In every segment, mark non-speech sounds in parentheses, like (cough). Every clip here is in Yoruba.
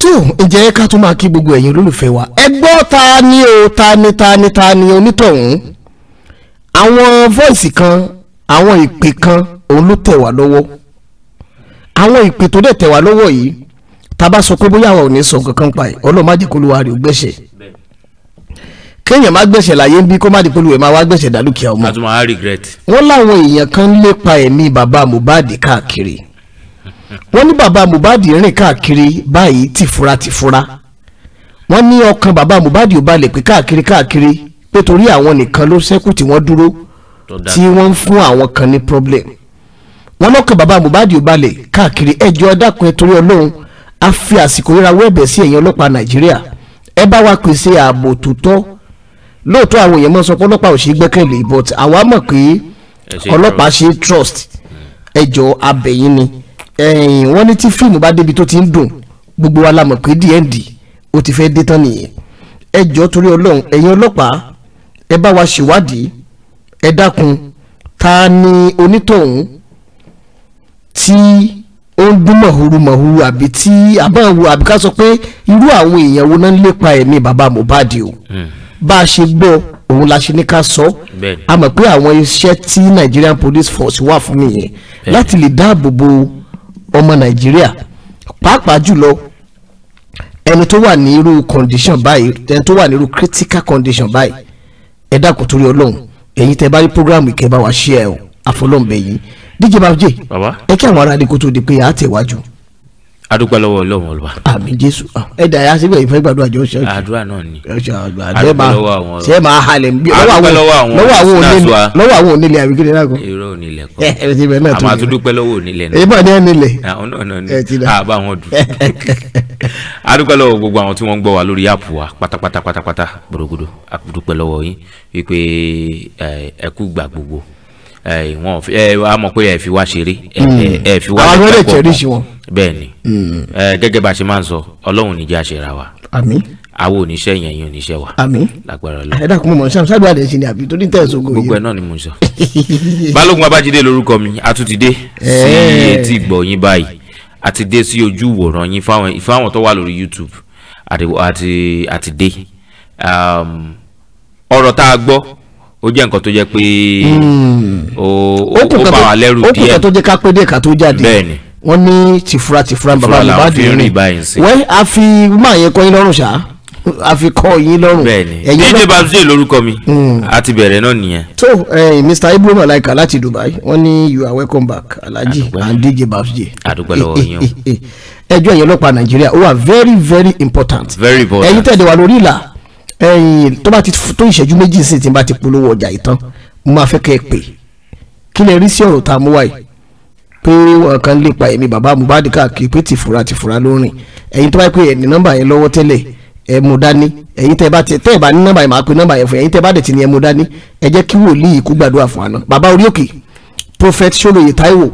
tó ǹjẹ́ ká tún máa kí gbogbo ẹ̀yin olólùfẹ́ wa ẹ gbọ́ ta ni o ta ni ta ni ta ni onítọ̀hún àwọn voice kan àwọn ìpè kan òun ló tẹ̀ wá lọ́wọ́ àwọn ìpè tó dẹ̀ tẹ̀ wá lọ́wọ́ yìí tá a bá sọ pé bóyá àwọn ò ní sọ kankan pa ẹ̀ ọlọ́run má jẹ́ olúwa rẹ̀ ó gbẹ̀ṣẹ̀ kéèyàn má gbẹ̀ṣẹ̀ láyé ń bí kó má di polówó wá gbẹ̀ṣẹ̀ dálúkìá ọmọ wọ́n láwọn èèyàn kan lépa ẹ̀mí bàbá Mohbad káàkiri wọ́n ní bàbá Mohbad rìn káàkiri báyìí tìfura tìfura wọ́n ní ọkàn bàbá Mohbad ò balẹ̀ pé káàkiri káàkiri pé torí àwọn nìkan ló ṣẹ́kù tí wọ́n dúró tí wọ́n ń fún àwọn kan ní problem wọ́n lọ́kàn bàbá Mohbad ò balẹ̀ káàkiri ẹjọ́ dákun ẹ torí Ọlọ́run a fi àsìkò ríra wẹ́ẹ̀bẹ̀ sí ẹ̀yin ọlọ́pàá Nàìjíríà ẹ bá wa pèsè ààbò tó tọ́ lóòótọ́ àwọn èèyàn mọ́ sọ pé ọlọ́pàá ò ṣe gbẹ́kẹ̀lé but àwa mọ̀ pé ọlọ́pàá ṣe trust ẹjọ́ abẹ́yìn ni ẹ̀yìn wọ́n ní tí fíìmù bá débi tó ti ń dùn gbogbo wa la mọ̀ pé dnd ó ti fẹ́ dé tán nìyẹn ẹ jọ torí ọlọ́run ẹ̀yin ọlọ́pàá ẹ bá wa ṣèwádìí ẹ dákun ta ni onítọ̀hún tí ó ń dún mọ̀húrú mọ̀húrú àbí tí àbáwo àbí ká sọ pé irú àwọn èèyàn wo náà ń lépa ẹ̀mí bàbá Mohbad o hmm. bá a ṣe gbọ́ òun la ṣe ní ká sọ a mọ̀ pé àwọn iṣẹ́ tí Nigerian Police Force wà fún nìyẹn láti lè dáàbò bo. Mm ọmọ nàìjíríà pàápàá jùlọ ẹni tó wà ní irú condition báyìí ẹni tó wà ní irú critical condition báyìí ẹ dákun torí ọlọ́run ẹ̀yin tẹ́ bá rí program ìkẹ́ bá wa ṣe ẹ̀ o àfọlọ́ǹbẹ̀ yìí díje bàbá jẹ́ ẹ kí àwọn ará ni kó tó di pé àá tẹ̀wájú adúpẹ́ lọ́wọ́ ọlọ́run ọlọ́wà. àmín jésù ah, ẹ dàyà síbẹ̀ ìfẹ́ gbàdúrà jọ ṣe. àdúrà náà ni. àdúpẹ́ lọ́wọ́ àwọn ọlọ́run. ṣé máa halẹ̀ lọ́wọ́ àwọn onílẹ̀ lọ́wọ́ àwọn onílẹ̀ àbíkíni náà kọ́. èrò onílẹ̀ kọ́ ẹ ti bẹ̀ náà tó yẹ. àmọ́ àtúndúpẹ́ lọ́wọ́ onílẹ̀ náà. èyí ni onílẹ̀. àwọn náà ni àbá wọn dùn. adúpẹ́ lọ́wọ́ gbogbo àwọn tí wọ́n ń gbọ́ wa lórí áàpù wa pátápátá pátápátá gbòdògbòdò adúpẹ́ lọ́wọ́ yín wípé ẹ gbà gbogbo ẹ wọn ẹ a mọ̀ pé ẹ fi wá ṣeré ẹ eh, hmm. eh, ẹ fi wá ṣeré pọ̀pọ̀ bẹ́ẹ̀ ni ẹ gẹ́gẹ́ bá a ṣe máa ń sọ ọlọ́run níjà ṣe ra wa. àmín àwọn yẹn yín oníṣẹ́ wa. lágbára lọ. ẹ dákun mọ̀ ṣáà ṣáàdùn àdẹ̀sí ni àbí torí tẹ̀ sógo yìí. gbogbo ẹ náà ni mo ń sọ. (laughs) balógun abájídé lórúkọ mi a tún ti dé sí eh. etí ìgbọ̀nyín báyìí a ti dé sí ojú ìwòran yín fáwọn tó wà lórí YouTube àti àti dé um, ọ̀rọ̀ tá a gbọ́ ó jẹ́ nǹkan tó jẹ́ pé hmm. ó bá wa lẹ́rù díẹ̀ ó kù kan tó jẹ́ ká pé dé ká tó jáde bẹ́ẹ̀ni wọ́n ní tìfura tìfura bàbá mi bá dùn ní wẹ́n a fi máa yẹ kọ́ yín lọ́rùn ṣá a fi kọ́ yín lọ́rùn bẹ́ẹ̀ni dj babsdale lórúkọ mi hmm. a ti bẹ̀rẹ̀ náà nìyẹn. so eh, mr ibrahim alaika láti dubai wọ́n ní you are welcome back alaji and dj babsdale. àdúgbò lọ́wọ́ yín o (laughs) ẹjọ́ ẹ̀yẹ́ ọlọ́pàá nàìjíríà ó wà very very important ẹ̀yin tẹ̀lé wa lórí ìlà ẹ̀yin tó bá ti tó ìṣẹ́jú méjì sí ti bá ti polówó ọjà yìí tán mo máa fẹ́ kẹ́ ẹ pè kí lè rí sí ọ̀rọ̀ tá a mú wáyé pé wọn kan lè pa èmi bàbá Mohbad káàkiri pé tìfura tìfura ló rìn ẹ̀yin tó bá pè ẹni nọ́mbà yẹn lọ́wọ́ tẹ́lẹ̀ ẹ mú dání ẹ̀yin tẹ́ bá tẹ́ ẹ bá ní nọ́mbà yẹn máa pe nọ́mbà yẹn fún ẹ̀yin tẹ́ bá dẹ̀ ti ní ẹ mú dání ẹ jẹ́ kí wòlíì kú gbàdúrà fún àná bàbá orí òkè prophet soloye taiwo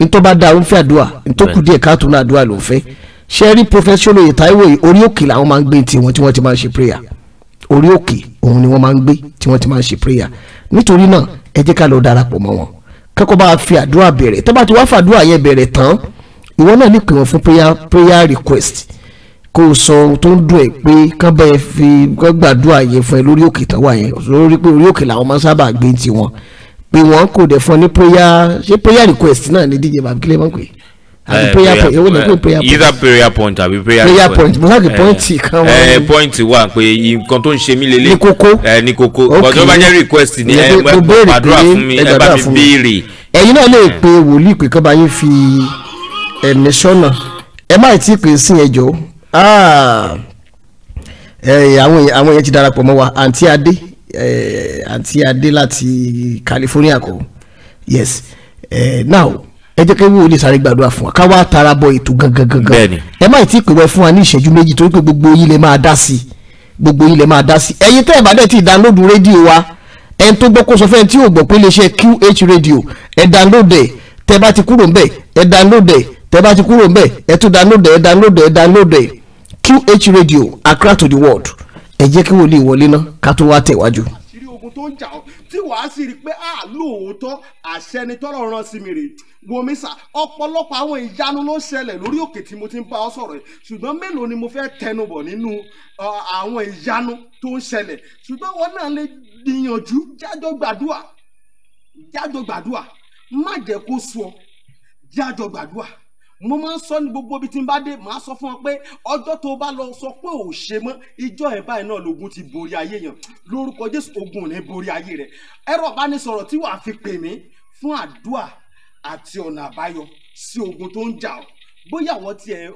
ntọ́ bá da òun fẹ́ àdúrà ntọ́ kù díẹ̀ káàtó náà àdúrà ló ń fẹ́ ṣẹ́ẹ́rí prophet soloye taiwo orí òkè làwọn máa ń gbé tiwọn tí wọ́n ti máa ń ṣe prayer orí òkè òun ni wọ́n máa ń gbé tí wọ́n ti máa ń ṣe prayer nítorí náà ẹ jẹ́ ká lọ darapọ̀ mọ́ wọn kẹ́kọ̀ọ́ bá fi àdúrà bẹ̀rẹ̀ tó bá ti wá fàdúrà yẹn bẹ̀rẹ̀ tán ìwọ náà ní pè fún prayer prayer request kó o sọ ohun tó ń dùn ẹ́ pé kán bá ẹ fi gbàdúrà yẹn fún ẹ lórí òkè tó wà yẹn lórí pé orí òkè làwọn máa ń sábà gbé tiwọn pé wọ́n kò dẹ̀ fún ọ ní prayer ṣé prayer request náà ní díje bàbá kílẹ̀ máa ń pè é Eh, either prayer point àbí prayer, prayer point mo láti eh, pọ́ǹtì kan wọ́n ẹ pọ́ǹtì wà pé nǹkan tó ń ṣe mí lélẹ̀ ní kókó ẹ eh, ní kókó bọ́dọ̀ bá jẹ́ request ni ẹ gbàdúrà fún mi ẹ bá mi béèrè. ẹ̀yin náà lè pe wòlíì pé kọ́ba yín fi ẹ̀mí sọ́nà ẹ má tí ì pè sí ẹjọ́ ah. àwọn èèyàn ti darapọ̀ mọ́ wa àǹtí adé àǹtí adé láti California kọ́ yes uh, now ẹ jẹ́ kí wíwò lè sáré gbàdúrà fún wa ká wá tara bọ ètò gangan gangan ẹ má tí ì pè wẹ́ fún wa ní ìṣẹ́jú méjì torí pé gbogbo yín lè máa dá sí gbogbo yín lè máa dá sí ẹ̀yin tẹ́ ẹ̀ bá dẹ̀ ti download rédíò wa ẹni tó gbọ́ kó sọ fẹ́ni tí yóò gbọ́ pé iléeṣẹ́ QH radio ẹ download ẹ̀ tẹ́ bá ti kúrò ńbẹ̀ ẹ download ẹ̀ tẹ́ bá ti kúrò ńbẹ̀ ẹ tún download ẹ̀ download ẹ̀ download ẹ̀ QH radio Accra to the world ẹ jẹ́ kí wòlíì wọlé ná ká tó wá tẹ̀wájú tó ń jà ọ́ tí wàá sì rí i pé a lóòótọ́ àṣẹ ni tọ́lọ̀ rán sí mi rè womisa ọ̀pọ̀lọpọ̀ àwọn ìyanu ló ṣẹlẹ̀ lórí òkè tí mo ti ń bá ọ sọ̀rọ̀ yìí ṣùgbọ́n mélòó ni mo fẹ́ tẹnubọ̀ nínú àwọn ìyanu tó ń ṣẹlẹ̀ ṣùgbọ́n wọn náà lè gbìyànjú jájọ gbàdúà jájọ gbàdúà má jẹ́ kó sú jájọ gbàdúà mo máa ń sọ ní gbogbo ibi tí n bá dé màá sọ fún ọ pé ọjọ́ tó o bá lọ sọ pé ò ṣe mọ́ ìjọ ẹ̀ báyìí náà lògùn ti borí ayé yẹn lórúkọ jésù ogun ò ní borí ayé rẹ̀ ẹ̀rọ ìbánisọ̀rọ̀ tí wàá fi pè mí fún àdúà àti ọ̀nà àbáyọ sí ogun tó ń jà ọ́ bóyá àwọn tiẹ̀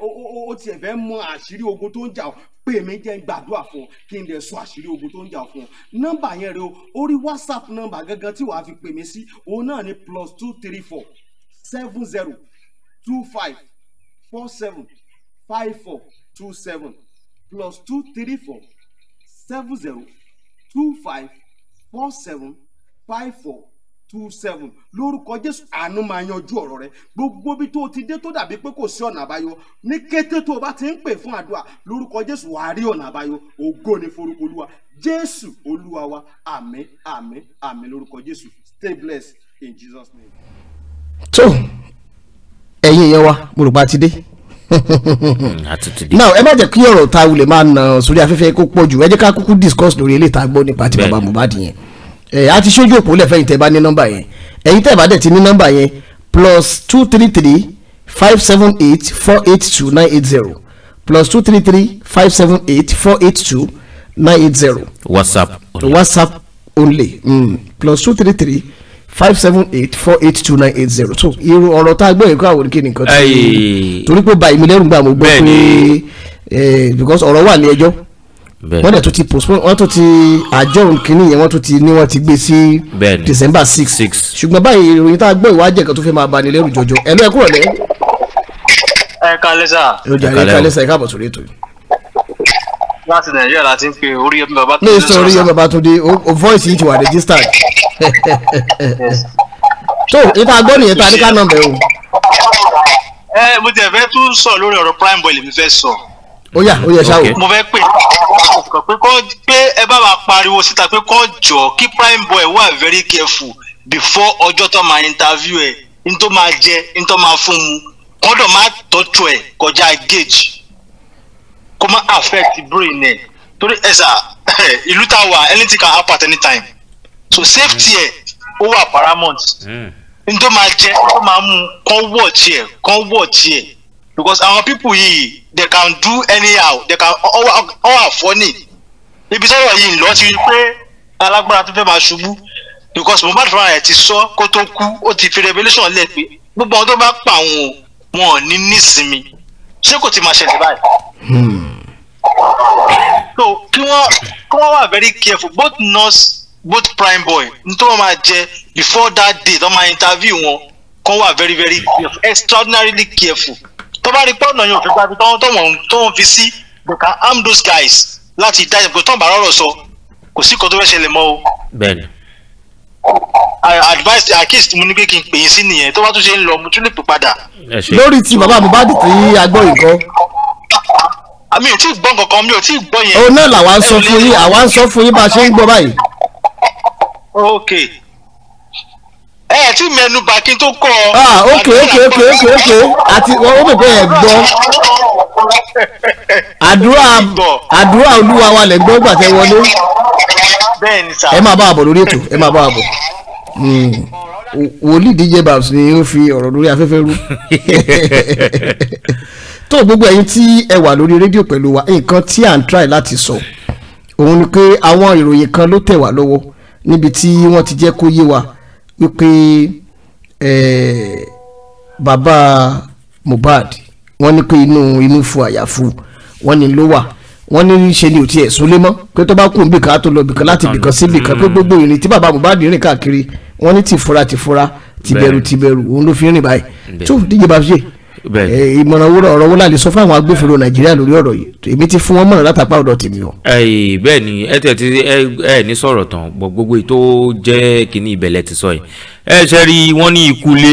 ó tiẹ̀ fẹ́ mọ àṣírí ogun tó ń jà ọ́ pé mi jẹ́ gbàdúrà fún ọ kí n lè sọ àṣírí ogun tó ń jà fún ọ nọ́mbà yẹn rẹ o orí whatsapp nọ́mbà gangan tí wàá fi pè mí sí òun náà ni plus two three four seven zero two five four seven five four two seven plus two three four seven zero two five four seven five four two seven lórúkọ jésù àánú máa yanjú ọ̀rọ̀ rẹ gbogbo bí tó ti dé tó dàbí pé kò sí ọ̀nà àbáyọ ní kété tó o bá ti ń pè fún àdúrà lórúkọ jésù wàá rí ọ̀nà àbáyọ ògo ni forúkọ olúwa jésù olúwa wa àmín àmín àmín lórúkọ jésù stay blessed in jesus name. tó ẹ̀yin èèyàn wa mo rò pa hmm, ti dé. now ẹ má jẹ́ kí ọ̀rọ̀ ta wulẹ̀ máa nà sórí afẹ́fẹ́ kó pọ̀ jù ẹ jẹ́ ká kúkú discuss lórí ilé ìta gbọ́ nípa ti bàbá Mohbad yẹn ẹ á ti ṣojú òpó lẹ́fẹ̀yìn tẹ́ bá ní nọ́mbà yẹn ẹ̀yin tẹ́ bá dẹ̀ ti ní nọ́mbà yẹn plus two three three five seven eight four eight two nine eight zero plus two three three five seven eight four eight two nine eight zero. whatsapp only whatsapp only mm. plus two three three five seven eight four eight two nine eight zero so irú ọ̀rọ̀ tá a gbọ́ yìí kó àwọn oníkè nìkan tí torí pé báyìí mi lẹ́rù gbà mo gbọ́ pé eh, because ọ̀rọ̀ wà ní ẹjọ́ wọ́n dẹ̀ tún ti postpone wọ́n tún ti adjourn kínní yẹn wọ́n tún ti ní wọ́n ti gbé sí december six ṣùgbọ́n báyìí ìròyìn tá a gbọ́ ìwádìí ẹ̀kan tó fẹ́ máa bani lẹ́rù jọjọ ẹ̀ lọ́ọ́ ẹ̀kúrọ̀ lẹ́. ẹ kalẹ́ sà. ẹ kalẹ́ sà ẹ káàbọ̀ sórí ètò yìí láti nàìjíríà la ti ń pe Oríyọmí Babátúndé. ní sọ Oríyọmí Babátúndé o voice yìí ti wà registered. tó (laughs) ìta gbọ́ nìyẹn ta ní ká nọmbẹ o. ẹ mo tẹ fẹ́ tún sọ lórí ọ̀rọ̀ prime boy mi fẹ́ sọ. ó yá ó yẹ ṣáà o. mo fẹ́ pè pé kọ́ pé ẹ bá wa pariwo síta pé kọ́ jọ kí prime boy wà very careful before ọjọ́ tó máa interview ẹ̀ n tó máa jẹ n tó máa fún mu kọ́dọ̀ má tọ́jú ẹ̀ kọjá gauge kó má affect brain ẹ̀ torí ẹ̀ sà (laughs) ìlú tá anything can happen at any time so safety ẹ̀ ó wà paramount hmm. n tó máa jẹ tó máa mú watch wọ̀ tiẹ̀ watch wọ̀ because our people yìí they can do anyhow they can all are funny ibi sọ́dọ̀ yìí lọ́ọ́ ti rí pé alágbára tó fẹ́ máa ṣubú because Mohbad fúnra rẹ̀ ti sọ kó tó kú ó ti fi revolution lẹ̀ pé gbogbo àwọn tó bá pa àwọn wọn ò ní nísinmi ṣé kò ti máa ṣẹlẹ̀ báyìí. so kí wọ́n kí wọ́n wà very careful both nurse both prime boy n tó máa jẹ before that day tó máa interview wọn kó wà very very careful extraordinarily careful tó bá rí pé ọ̀nà yóò fi gba ibi tó wọ́n tó wọ́n fi sí they can arm those guys láti dá ìpò tó ń bá rọ̀rọ̀ sọ kò sí kó tó fẹ́ ṣẹlẹ̀ mọ́ o. bẹ́ẹ̀ni advice àkíyèsí mo ní pé kí n pè é sí nìyẹn tó bá tún ṣe ń lọ mo tún lè pè padà. lórí ti bàbá Mohbad tí a gbọ́ nǹkan. Ah, mi ò tí ì gbọ́ nǹkan mi ò tí ì gbọ́ yẹn. òun náà làwa ń sọ fún yín àwa ń sọ fún yín bá a ṣe ń gbọ́ báyìí. ok ẹ ẹ tí mẹnu bá kí n tó kọ. ok ah, ok ok ok ok àti ó mọ̀ pé gbọ́ àdúrà àdúrà olúwa wa lè gbọ́ ìgbà tẹ́ wọlé ẹ máa bá àbọ̀ lórí ètò ẹ máa bá àbọ̀ hmm. wòlíì dj babs ni ó fi ọ̀rọ̀ lórí afẹ́fẹ́ rú (laughs) tó gbogbo ẹ̀yin tí ẹ wà lórí rédíò pẹ̀lú wa nǹkan tí à ń try láti sọ òun ni pé àwọn ìròyìn kan ló tẹ̀ wá lọ́wọ́ níbi tí wọ́n ti jẹ́ kó yé wa wípé eh, bàbá Mohbad wọ́n ní pé inú inú fu àyàfu wọ́n ní ló wà wọ́n ní ṣe ni ò tiẹ̀ súnlé mọ́ pé tó bá kú bìkan á tó lọ bìkan láti bìkan sí bìkan pé gbogbo ìrìn tí bàbá Mohbad rìn káàkiri wọ́n ní tìfura tìfura tìbẹ̀rù tìbẹ̀rù òun ló fi rìn báyìí tó díje bá fi ṣe ìmọ̀ràn wúrọ̀ ọ̀rọ̀ wúlà lè sọ fún agbófinró nàìjíríà lórí ọ̀rọ̀ yìí èmi ti fún wọn mọ̀ràn látàpá ọ̀dọ̀ tèmi o. bẹ́ẹ̀ ni ẹ tẹ̀ ti ẹ ní sọ̀rọ̀ tán gbogbo èyí tó jẹ́ kínní ìbẹ̀lẹ̀ ti sọ yìí ẹ ṣe rí wọn ní ikú lé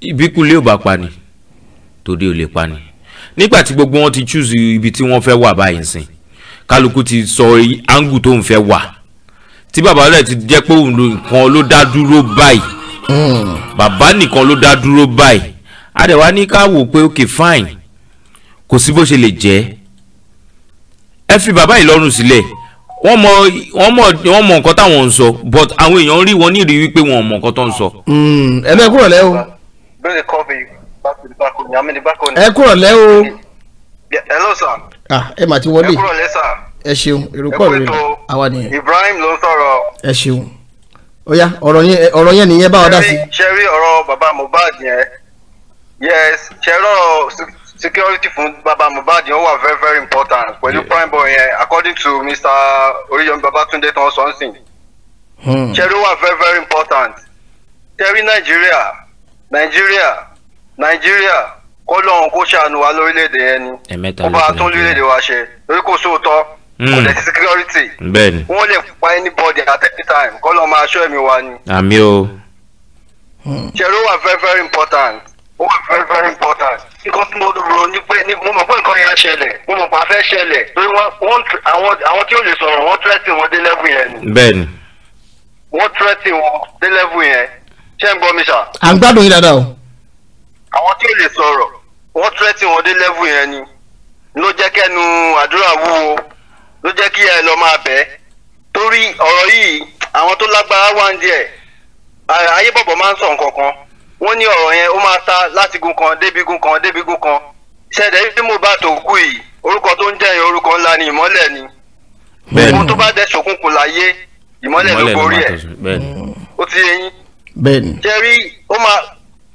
ibí kú lé ò bá pa ni torí ó lè pa ni nígbà tí gbogbo wọn ti choose ibi tí wọ́n fẹ́ wà báyìí sìn kálukú ti sọ angu tó ń fẹ́ wà tí bàbá rẹ̀ ti jẹ́ pé òun nìkan ló dá dúró báyìí hmm. bàbá nìkan ló dá dúró báyìí àdẹ̀wá ní ká wò pé okay fine kò sí bó ṣe lè jẹ́ ẹ fi bàbá yìí lọ́rùn sílẹ̀ wọ́n mọ wọ́n mọ wọ́n mọ nǹkan táwọn ń sọ but àwọn èèyàn rí wọn ní ìrírí wípé wọn ò mọ nǹkan tó ń sọ. Hmm. ẹ bẹ́ẹ̀ kúrò lẹ́wọ̀. bẹ́ẹ̀ kọ́ mi ẹ kúrọ̀ lẹ́ o. hello sir. ah ẹ mà ti wọlé. ẹ kúrọ̀ lẹ́ sir. ẹ ṣeun erupọ rẹ àwa nìyẹn. Ibrahim ló ń sọ̀rọ̀. ẹ ṣeun ó ọ̀rọ̀ yẹn nìyẹn bá ọ dá sí. ṣe ọ̀rọ̀ bàbá Mohbad yẹn yes ṣe security fún baba Mohbad yẹn wà very very important pẹ̀lú prime boy yẹn according to Mr. Oriyomi Babatunde tan something ṣe wà very very important ṣe Nàìjíríà Nàìjíríà nàìjíríà kọ́lọ́hún kó ṣàánú wa lórílẹ̀‐èdè yẹn ni kó bá a tún lórílẹ̀‐èdè wa ṣe lórí kò sóòótọ́ kò hmm. dẹ̀ wọ́n lè pa anybody at any time kọ́lọ́hún máa ṣọ́ ẹ̀mí wa ni. àmì o. Hmm. ṣerú wà very very important ó wà very very important nǹkan tí mo rò ní pé mo mọ̀ pé nǹkan yẹn ṣẹlẹ̀ mo mọ̀ pé a fẹ́ ṣẹlẹ̀ torí àwọn tí ó lè sọ̀rọ̀ wọ́n tẹ́tì wọn dé lẹ́bù yẹn ni. bẹ́ẹ̀ni. wọ́n tẹ́tì wọn dé lẹ́bù yẹn ṣé ń gbọ́ mi sà. à ń gbádùn yín dáadáa o àwọn tí lè sọ̀rọ̀ wọ́n tírẹ́tì wọn dé lẹ́vù yẹn ni ló jẹ́ kẹ́nu àdúrà wúwo ló jẹ́ kí ẹ lọ máa bẹ̀ torí ọ̀rọ̀ yìí àwọn tó lágbára wà ń díẹ̀ ayé máa ń sọ nǹkan kan wọ́n ní ọ̀rọ̀ yẹn ó máa ta láti gun kan débi gun kan débi gun kan ṣẹ̀dẹ̀ bí mo bá tó kú yìí orúkọ tó ń jẹ́ yẹn orúkọ ńlá ni ìmọ́lẹ̀ ni bẹ́ẹ̀ni tó bá dẹ̀ ṣòkùnkùn láyé ìmọ́lẹ̀ ló borí ẹ̀ ó ti yẹ yín bẹ́ẹ̀ni jẹ́rí ó máa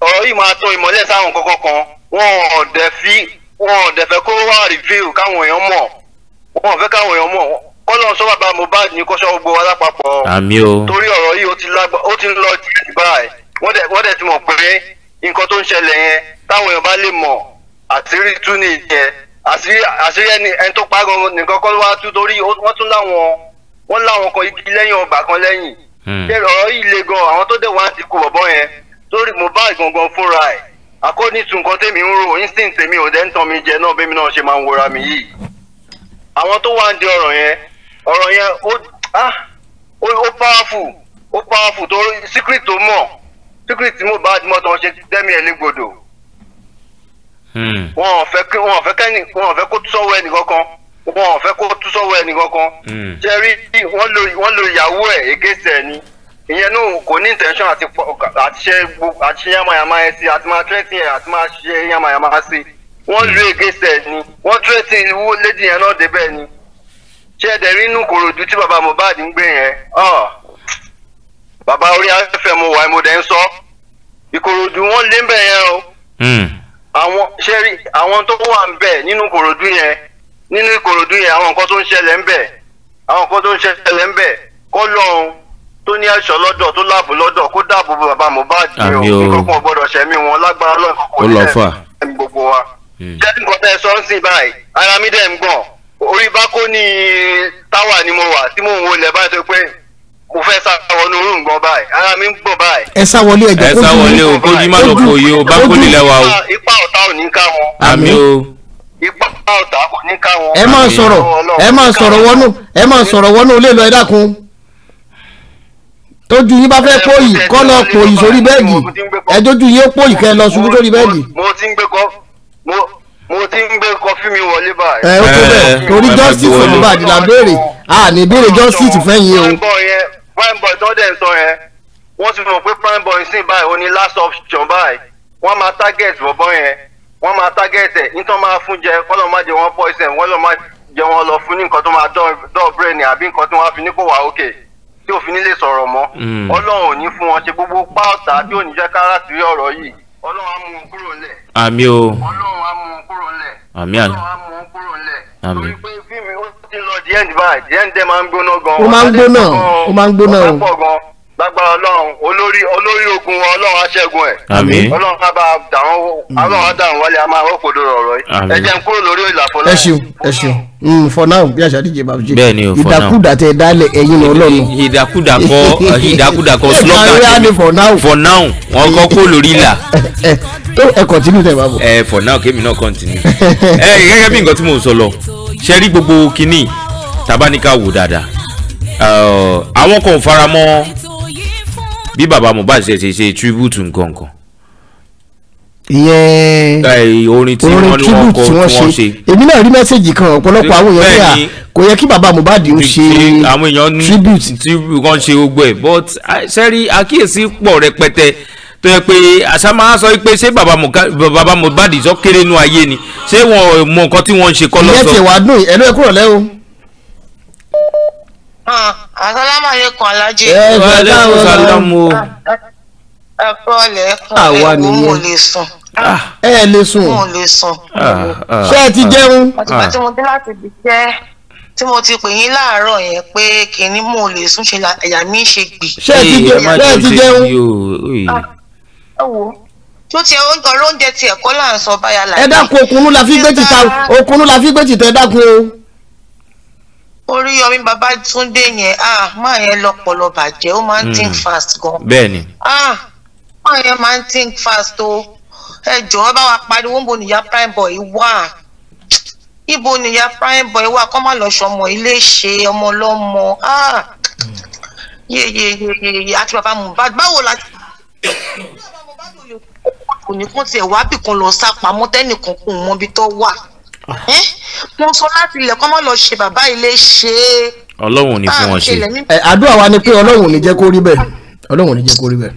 ọ̀rọ̀ yìí máa tọ ìmọ́lẹ̀ sáwọn kankan kan wọn ò dẹ̀ fi wọn ò dẹ̀ fẹ́ kó wá rìvíw káwọn èèyàn mọ̀ wọn ò fẹ́ káwọn èèyàn mọ̀ kọ́lọ́ sọ bàbá Mohbad ní kọ́sọ́ gbogbo wa lápapọ̀ àmì o torí ọ̀rọ̀ yìí ó ti lọ jù báyìí wọ́n dẹ̀ ti mọ̀ pé nǹkan tó ń ṣẹlẹ̀ yẹn táwọn èèyàn bá lè mọ̀ àṣírí tú nìyẹn àṣírí ẹni tó pa gan nìkan kọ́ wá tú torí wọ́n tún láwọn wọ́n láwọn kan igi lẹ́yìn ọgbà kan lẹ́yìn. Hmm. ọ̀rọ̀ yìí le gan àwọn tó dẹ̀ wá ti kú bọ̀bọ̀ yẹn lórí Mohbad gangan fúnra ẹ̀ according to nǹkan tèmi ń rò instinct tèmi ò dẹ́ ń tàn mí jẹ náà bẹ́mi náà ṣe máa ń wora mi yìí àwọn tó wá ń di ọ̀rọ̀ yẹn ọ̀rọ̀ yẹn ó ah, ó powerful ó powerful tó secret tó mọ̀ secret tí Mohbad mọ̀ tó ń ṣe dẹ́mi ẹ̀ légbodò hmm. wọn ò fẹ́ kí wọn ò fẹ́ kẹ́ni wọn ò fẹ́ kó sọ́wọ́ ẹnì kankan wọn ò fẹ́ kó tú sọ́wọ́ ẹnì kankan hmm. ṣe rí wọ́n lo ìyàwó ẹ̀ ègésẹ̀ ni. Hmm ìyẹn náà kò ní intention àti ṣe gbogbo àti ṣe yamayama yẹn sí àti máa threatening yẹn àti máa ṣe yamayama sí wọ́n hmm. lu ègèsẹ̀ ni wọ́n threatening wó lédi yẹn náà débẹ̀ ni ṣé ẹ̀dẹ̀ rí inú kòròdú tí bàbá Mohbad ń gbé yẹn ah! bàbá orí afẹ́fẹ́ mo wà mo dẹ̀ ń sọ ìkòròdú wọ́n lé ń bẹ̀ yẹn o hmm. àwọn ṣé rí àwọn tó wà ń bẹ̀ nínú kòròdú yẹn nínú ìkòròdú yẹn àwọn nǹkan tó ń ṣẹlẹ̀ ń bẹ̀ àwọn nǹkan tó ń ṣẹlẹ̀ ń bẹ̀ kọ́ lọ́hùn tó ní ẹ̀ṣọ́ lọ́dọ̀ tó láàbò lọ́dọ̀ kó dáàbò bàbá Mohbad ni o kíkọ́kọ́ gbọ́dọ̀ ṣẹ̀mí wọn lágbára lọ́kọ̀ọ́ kò ní gbogbo wa. Hmm. jẹ́ nǹkan tẹ́ sọ́nsìn báyìí ara mi dẹ̀ ń gbọ̀n orí bákó ní táwà ni mo wà tí mò ń wọlé báyìí tó pé mo fẹ́ sá wọnú orú báyìí ara mi ń gbọ̀n báyìí. ẹ sá ẹjọ kó o kó má lọ fò yìí o bákó nílẹ̀ wa o. ipa ọ̀tá ò ní ká wọn. àmì o. ipa ọ̀tá kò ní ká wọn. ẹ máa sọ̀rọ̀ ẹ máa sọ̀rọ̀ wọnú ẹ máa sọ̀rọ̀ wọnú ilé lọ ẹ dákun tójú yín bá fẹ́ pòyì kọ́ lọ pòyì sórí bẹ́ẹ̀dì ẹ̀dójú yín ó pòyì kẹ́ ẹ lọ ṣubú sórí bẹ́ẹ̀dì. mo ti ń gbé kọ mo ti ń gbé kọfí mi wọlé báyìí. ẹ ó tó bẹ́ẹ̀ torí justice olùbàdàn la béèrè a ní béèrè justice fẹ́yìn o. prime boy tó dẹ̀ sọ yẹn wọ́n ti mọ̀ pé prime boy sì báyìí ó ní last option báyìí wọ́n máa target bọ̀bọ̀ yẹn wọ́n máa target ẹ̀ nítorí máa fún jẹ kọ́lọ́ má jẹ wọ́n poison wọ́n lọ́ má jẹ wọ́n lọ fún ní nǹkan tó máa dọ́ọ̀ brain àbí nǹkan tó wá fi ní kó wà ókè tí òfin nílé sọ̀rọ̀ mọ́ mm. ọlọ́run ò ní fún wọn ṣe gbogbo pa tí ò ní jẹ́ kára sí ọ̀rọ̀ yìí ọlọ́run á mú un kúrò ńlẹ̀. àmì o ọlọ́run á mú un kúrò ńlẹ̀. àmì àná ọlọ́run á mú un kúrò ńlẹ̀. àmì torí pé fíìmù ó ti lọ díẹ̀ níbà díẹ̀ ń máa ń gbóná gan-an. ó máa ń gbóná ó máa ń gbóná o lágbára ọlọ́run olórí olórí ogun ọlọ́run aṣẹ́gun ẹ̀. àmín ọlọ́run bá dàrún mm. ọlọ́run dàrún wálé a máa rọ́pò lórí ọ̀rọ̀ yìí. ẹ jẹ́ n kúrò lórí ìlàfọlá. ẹ ṣeun ẹ ṣeun mm, for now bí àṣà díje bàbá jẹ bẹ́ẹ̀ni for now ìdàkúdà tẹ dálẹ ẹ̀yin ni ọlọ́run. ìdàkúdà kọ (laughs) ìdàkúdà kọ slogan for now wọn kọ kó lórí ìlà. (laughs) ẹ kọ̀tínú tẹ bàbá. ẹ for now kémi náà kọ̀ntínú. ẹ gẹ́gẹ́ bí nǹkan tí mò ń sọ lọ ṣe rí gbogbo kinní tabaníkà wò dáadáa àwọn kan ò faramọ́ bí baba Mohbad ṣe ṣe ṣe tribute nǹkan ìyẹn orin tí tí wọ́n ṣe èmi náà rí mẹ́sẹ̀gì kan ọ̀pọ̀lọpọ̀ àwọn èèyàn bí i kò yẹ kí baba Mohbad ń ṣe àwọn èèyàn tribute kan ṣe gbogbo ẹ̀ but sẹ́rí àkíyèsí pọ̀ rẹpẹtẹ tó yẹ pé àsámá sọ pé ṣé baba Mohbad sọ kéré nú ayé ni ṣé wọn mọ nǹkan tí wọ́n ń ṣe kọ́ lọ́sọ̀. ìyẹn tiẹ̀ wá dùn ẹ̀rọ ẹ̀kúrọ̀lẹ́ o asalaamualeykum ah, alhaji. ẹ ṣàlàyé salamu. ẹ kọ́ ọ̀lẹ́ ẹ̀kún ẹ̀kún mo lè sùn. ẹ ah, ẹ lè sùn. mo lè sùn. Ah, ṣé ẹ ti jẹun. àtìgbà tí mo dé láti ibi iṣẹ́ tí mo ti pè yín láàárọ̀ yẹn pé kìnní mo lè sùn ṣe ẹ̀yà mi ṣe gbì. ṣé ẹ ti jẹun. tó tiẹ̀ oúnjẹ tiẹ̀ kọ́ là ń sọ báyà láì. ẹ dákun òkúnnú la fi gbé tìta òkúnnú la fi gbé tìta ẹ dákun o oríyọmí babátúndé yẹn ah máa yẹn lọ́pọlọ bàjẹ́ ó máa ń think hmm. fast gan. bẹ́ẹ̀ni. ah máa yẹn máa ń think fast o ẹ jọ̀ọ́ bá wa pariwo níbo nìyá prime boy wà ibo nìyá prime boy wà kọ́ má lọ sọmọ ilé ṣe ọmọ ọlọ́mọ ah yeyeyeye àti bàbá Mohbad báwo la (coughs) kò ní kó tiẹ̀ wá bìkan lọ sá pamọ́ tẹ́nìkan kò mọ ibi tó wà mo sọ láti ilẹ̀ kọ́ mọ́ lọ ṣe bàbá ilé ṣe é. ọlọ́run ò ní fún wọn ṣe. àdúrà wa ni pé ọlọ́run ò ní jẹ́ kó rí bẹ́ẹ̀ ọlọ́run ò ní jẹ́ kó rí bẹ́ẹ̀.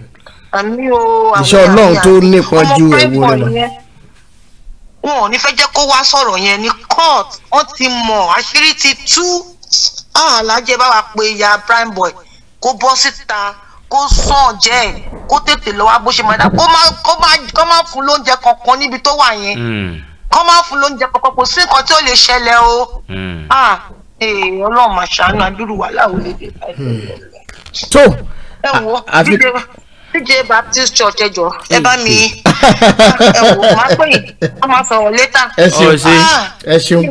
àmì o àwọn iṣẹ́ ọlọ́run tó nípọn ju ẹ̀wọ̀ rẹ̀ lọ. wọn ò ní fẹ́ jẹ́ kó wá sọ̀rọ̀ yẹn ní court wọ́n ti mọ̀ àṣírí ti tú alájẹ bá wa pe ìyá prime boy kó bọ́ síta kó sàn jẹ́ kó tètè lọ wá bó ṣe máa dá kó má fún lóúnjẹ kankan níbi tó wà yẹn. Hmm kọ́ máa fún lóúnjẹ pọ̀pọ̀ kò sí nǹkan tí ó lè ṣẹlẹ̀ o hmm. ọlọ́run máa ṣàánú adúrú wàhálà ò lè dé tó ẹ wo dj baptist church ẹjọ ẹ bá mi ẹ wò má pè é má sọ̀rọ̀ létà ẹ ṣeun ẹ ṣeun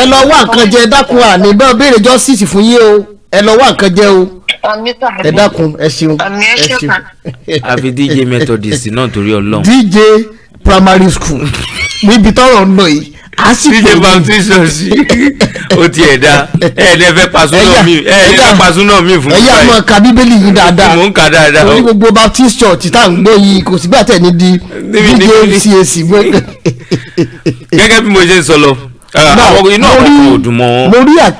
ẹ lọ wá nǹkan jẹ dákun à ní bẹ́ẹ̀ béèrè justice fún yín o ẹ lọ wá nǹkan jẹ o ẹ dákun ẹ ṣeun ẹ ṣeun. àfi dj methodist náà torí ọlọ́run. (laughs) dj primary school níbi tọrọ ń lọ yìí a sì kéde. ṣíṣe foundation sí o ti ẹ̀ da ẹ̀ ẹ̀ fẹ́ pàṣúná mi ẹ̀ ẹ̀ fẹ́ pàṣúná mi fún mi. ẹ̀yà mọ̀ ka bíbélì yìí dáadáa mò ń kà dáadáa o. gbogbo baptist church tá à ń gbé yìí kò sígbà tẹ̀ ní di djcac. gẹ́gẹ́ bí mo ṣe sọ lọ àwọn inú àwọn kan ò dùn mọ́.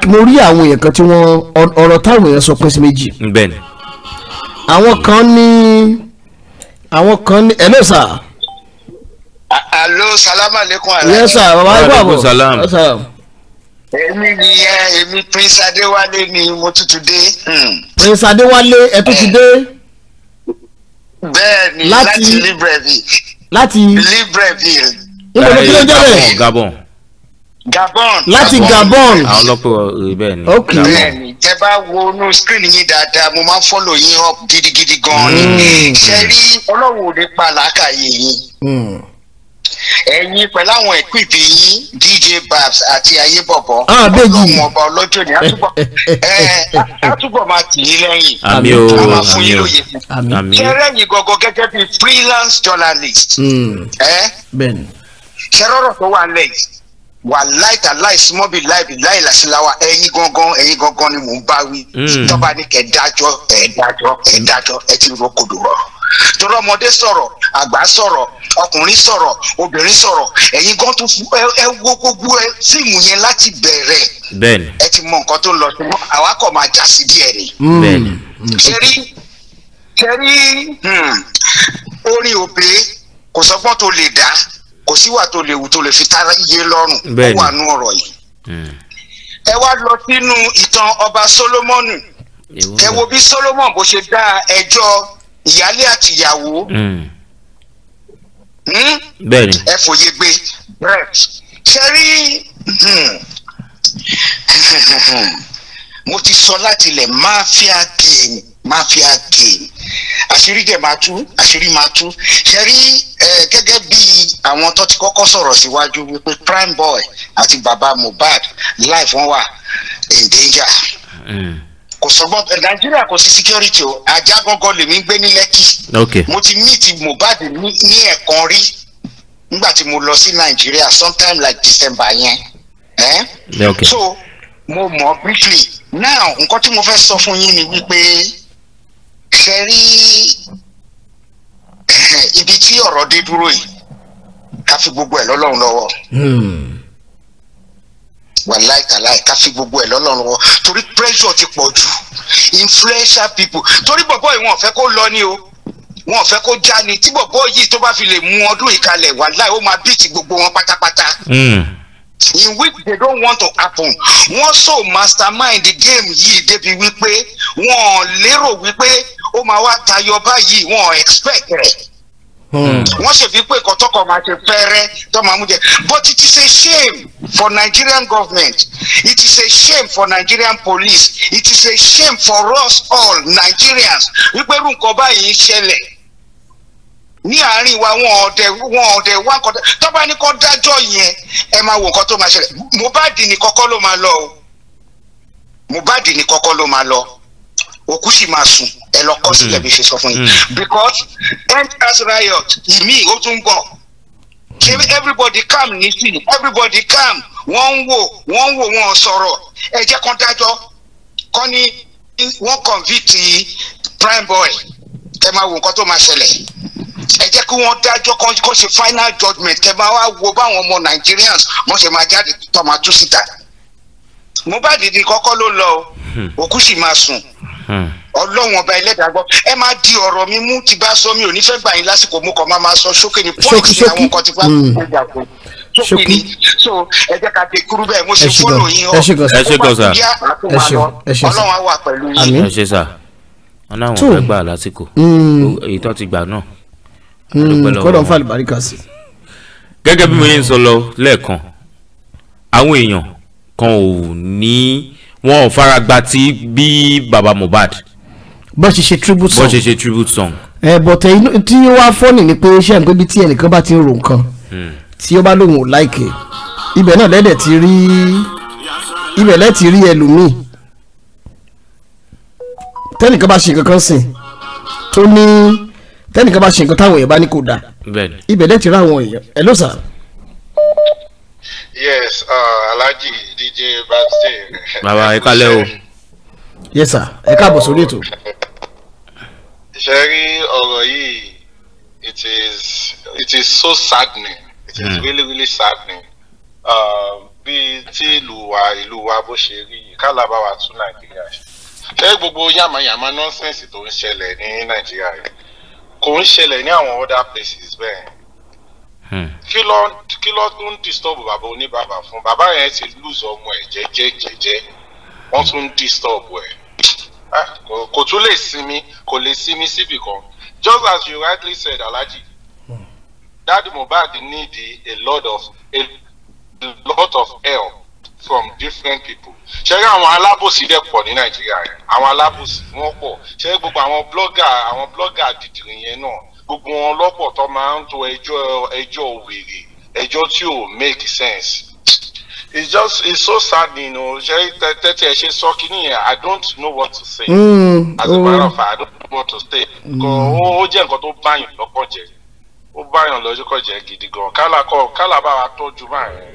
mo rí àwọn èèyàn kan tí wọ́n ọ̀rọ̀ táwọn èèyàn sọ pín sí méjì. bẹ́ẹ̀ni. àwọn kan ní àwọn kan ní ẹ̀ lọ́sàá alo salama aleykum alaji. yes sir baba ibo abo salam. èmi nìyẹn èmi prince adéwálé ni mo tuntun dé. Hmm. prince adéwálé ẹ tún ti dé. bẹ́ẹ̀ni láti libreville. láti libreville. níbo ló kí ló jẹ́ bẹ́ẹ̀. gabon. gabon. láti gabon. àwọn ọlọ́pàá bẹ́ẹ̀ ni. ok bẹ́ẹ̀ni tẹ bá wo inú screen yín dáadáa mo máa ń follow yín up gidigidi gan-an ni. Hmm. ṣe rí ọlọ́run ò ní pa làákàyè yín. Hmm ẹ̀yin pẹ̀lú àwọn ìpìdí yín dj babs àti ayébọ̀bọ ah, ọlọ́run ọba ọlọ́jọ́ ni àtúbọ̀ (laughs) máa tì í lẹ́yìn àmì ó àmì ó àmì ó kẹrẹ́yìn gọ́gọ́ gẹ́gẹ́ bí freelance journalist hmm. ẹ́ ṣẹ́rọ́rọ̀ tó wà lẹ́yìn wà láìta láì súnmọ́ bíi láì bíi láì làṣìláwa ẹ̀yin gangan ẹ̀yin gangan ni mò ń bá wí hmm. tọ́ba ní kẹ̀ẹ́dájọ́ ẹ̀ẹ́dájọ́ ẹ̀ẹ́dájọ́ ẹ̀ ti ro kodò rọ̀ torí ọmọdé àgbà sọ̀rọ̀ ọkùnrin sọ̀rọ̀ obìnrin sọ̀rọ̀ ẹ̀yin gan tún ẹ wo gbogbo ẹ fíìmù yẹn láti bẹ̀rẹ̀ ẹ ti mọ nǹkan tó lọ ṣùgbọ́n àwa kọ̀ máa jà sí díẹ̀ ni. ṣẹ́rí mm. mm. ṣẹ́rí hmm, orin òbí kò sọ́gbọ́n tó lè dá kò síwà tó lè wù tó lè fi tára iye lọ́rùn ó wà nú ọ̀rọ̀ yìí hmm. ẹ wá lọ sínú ìtàn ọba Solomoni ẹ wo bí Solomon bó ṣe dá ẹjọ́ ìyálé àtìyàwó hmm. hmm? ẹ fòye gbé ṣe rí mo ti sọ láti ilẹ̀ mafia game mafia game àṣírí dẹ̀ máa tú àṣírí máa tú ṣe rí gẹ́gẹ́ bí àwọn tó ti kọ́kọ́ sọ̀rọ̀ síwájú wípé prime boy àti baba mohbad life wọn wà in danger. Mm kò sọgbọn nàìjíríà kò sí security o ajá gángan lèmi ń gbé ní lẹ́kì mo ti meet Mohbad ní ẹ̀ẹ̀kan rí nígbà tí mo lọ sí nàìjíríà sometime like december yẹn eh? okay. so mo mọ̀ briefly now nǹkan tí mo fẹ́ sọ fún yín ni wípé ṣe rí ibi tí ọ̀rọ̀ dé dúró yìí ká fi gbogbo ẹ̀ lọ́lọ́run lọ́wọ́. Hmm wàláì tàláì ká fi gbogbo ẹ̀ lọ́lọ́run wọ torí pressure ti pọ̀ jù influential people torí bọ̀bọ̀ yìí wọn fẹ́ kó lọ ni o wọn fẹ́ kó já ni tí bọ̀bọ̀ yìí tó bá fi lè mú ọdún ìkalẹ̀ wàláì ó máa bíìtì gbogbo wọn pátápátá. Hmm. in which they don't want to happen wọ́n so mastermind the game yìí débi wípé wọ́n lérò wípé ó máa wá tayọ báyìí wọ́n expect rẹ̀ hmm. wọ́n ṣèfi pé kọ́tọ́kọ̀ máa ṣe fẹ́rẹ́ tó máa mú jẹ but it is a shame for Nigerian government. It is a shame for Nigerian police. It is a shame for us all Nigerians. Wípé irú nǹkan báyìí ń ṣẹlẹ̀ ní àárín wa wọn ọdẹ wọn ọdẹ wá nǹkan tó bá ní kó dájọ́ yẹn ẹ máa wo nǹkan tó máa ṣẹlẹ̀ Mohbad ní kọ́kọ́ ló máa lọ o Mohbad ní kọ́kọ́ ló máa lọ òkú sì máa sùn ẹ lọ kọ́ sílẹ̀ mm. bí ṣe sọ fún yín mm. because end as riot ìmí ó tún bọ̀ everybody calm nísìnyí everybody calm wọ́n ń wò wọ́n ń wò wọ́n sọ̀rọ̀ ẹ jẹ́ kán dájọ́ convict prime boy ẹ máa wo nǹkan tó máa ṣẹlẹ̀ ẹ jẹ́ kí wọ́n dájọ́ kán ṣe final judgement ẹ máa wá wo báwọn ọmọ Nigerians wọ́n ṣe máa jáde tó máa tú síta Mohbad di kọ́kọ́ ló lọ hmm. òkú sì máa sùn. Hmm ọlọ́run ọba ẹlẹ́dàá gbọ́ ẹ máa di ọ̀rọ̀ mi mú ti bá sọ mi ò ní fẹ́ gbà yín lásìkò mú kọ́ máa máa sọ sókè ní pọ́ìntì ní àwọn nǹkan ti bá gbà fún sókè ní so ẹ jẹ́ ká dé kúrú bẹ́ẹ̀ mo ṣe fọ́lọ̀ yín o ẹ ṣe gan sa ẹ ṣe ẹ ṣe sa ọlọ́run á wà pẹ̀lú yín. ẹ ṣe sa wọn náà wọn fẹ́ gbà lásìkò mm. èyí tó ti gbà náà. Mm. kọ́dọ̀ fà lùbáríkà sí. gẹ́gẹ́ bí mo yẹn ń sọ lọ lẹ́ẹ̀kan àwọn èèyàn kan ò ní wọn ò fara gba ti bí baba Mohbad bó ṣe ṣe tribute song bó ṣe ṣe tribute song. ẹ eh, bọ̀tẹ̀ eh, tí ó wá fọ́nì ni pé ṣé à ń pé bí tí ẹnìkan bá ti ń ro nǹkan hmm. tí ó bá lóun ò láìkè ibẹ̀ náà lẹ́dẹ̀ ti rí ibẹ̀ lẹ́ ti rí ẹlòmíì tẹ́nìkan bá ṣe nǹkan kan sìn tó ní tẹ́nìkan bá ṣe nǹkan táwọn èèyàn bá ní kò dáa ibẹ̀ lẹ́ ti rí àwọn èèyàn ẹ ló sà. yes uh, Alhaji DJ Batsey. Baba ẹ kálẹ́ o. yes sir ẹ káàbọ̀ sórí ètò ṣe rí ọ̀rọ̀ yìí it is it is so saddening it is mm. really really saddening um, bí tí ìlú wa ìlú wa bó ṣe rí yìí kálá bá wa tún nàìjíríà ṣe ṣé gbogbo yàmàyàmà nọ́nsẹ̀nsì tó ń ṣẹlẹ̀ ní nàìjíríà yìí kò ń ṣẹlẹ̀ ní àwọn other places bẹ́ẹ̀ hmm. kí ló kí ló tún disturb bàbá oníbàbà fún bàbá yẹn ti lose ọmọ ẹ̀ jẹ́jẹ́ jẹ́jẹ́ wọ́n tún disturb ẹ̀. Ah, kò tún lè sinmi kò lè sinmi síbì kan just as you rightly said Alhaji hmm. Dad Dadi Mohbad need a lot of a lot of help from different people ṣẹ́rí àwọn alábòsí dẹ̀ pọ̀ ní Nàìjíríà yẹn àwọn alábòsí wọ́n pọ̀ ṣẹ́rí gbogbo àwọn blogger àwọn blogger dìdìrì yẹn náà gbogbo wọn lọ́pọ̀ tó máa ń to ẹjọ́ ẹjọ́ wèrè ẹjọ́ tí ò make sense it's just it's so sad you know ṣe tẹ́tí ẹ ṣe sọ kínní yẹn i don't know what to say. Mm, as a matter oh. of fact i don't know what to say. kò hmm. ó jẹ́ nǹkan tó báyàn lọ́kọ̀ jẹ́ ó báyàn lọ́kọ̀ jẹ́ gidi gan kálá kọ́ kálá bá wa tọ́jú báyẹn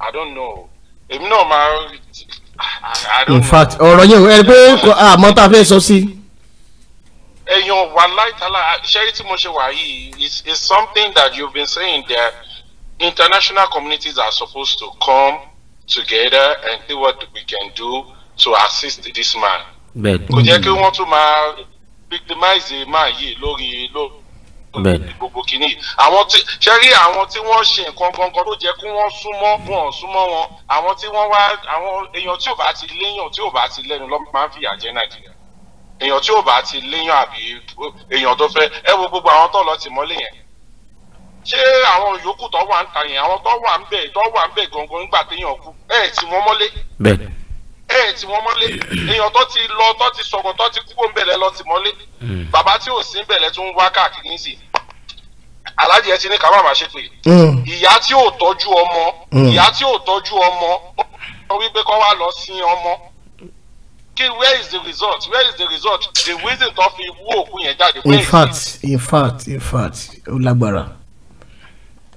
i don't know èmi náà know. in fact ọ̀rọ̀ yẹn ẹ pé àmọ́ tá a fẹ́ sọ sí i èèyàn wà láìtàlà ṣẹ́rí tí mo ṣe wà yìí is is something that you've been saying there international communities are supposed to come together and see what we can do to assist this man. kò jẹ́ kí wọ́n tún máa victimize man yìí lórí lórí gbogbo kìíní àwọn tí ṣe rí àwọn tí wọ́n ṣe nǹkan gangan ló jẹ́ kí wọ́n súnmọ́ wọn súnmọ́ wọn àwọn tí wọ́n wá àwọn èèyàn tí ò bá ti léèyàn tí ò bá ti lẹ́nu lọ́mọ máa ń fìyà jẹ nàìjíríà èèyàn tí ò bá ti léèyàn àbí èèyàn tó fẹ́ ẹ wo gbogbo àwọn tó lọ tì mọ́lé yẹn ṣé àwọn yòókù tó wà ń ta yẹn àwọn tó wà ń bẹ tó wà ń bẹ gangan nígbà téèyàn kú ẹ ẹ tì wọ́n mọ́lé ẹ ẹ tì wọ́n mọ́lé èèyàn tó ti lọ tó ti sọ̀rọ̀ tó ti kúrò ń bẹ̀rẹ̀ lọ tì mọ́lé hmm. bàbá tí ò sí ń bẹ̀rẹ̀ tó ń wá káàkiri ń sìn alájẹ ti ní ká má ṣe pé hmm. ìyá tí ò tọ́jú ọmọ hmm. ìyá tí ò tọ́jú ọmọ ó wípé kó wá lọ sin ọmọ kí where is the result where is the result the reason tó fi wú òkú yẹn jáde. in fact in fact in fact ó lágbára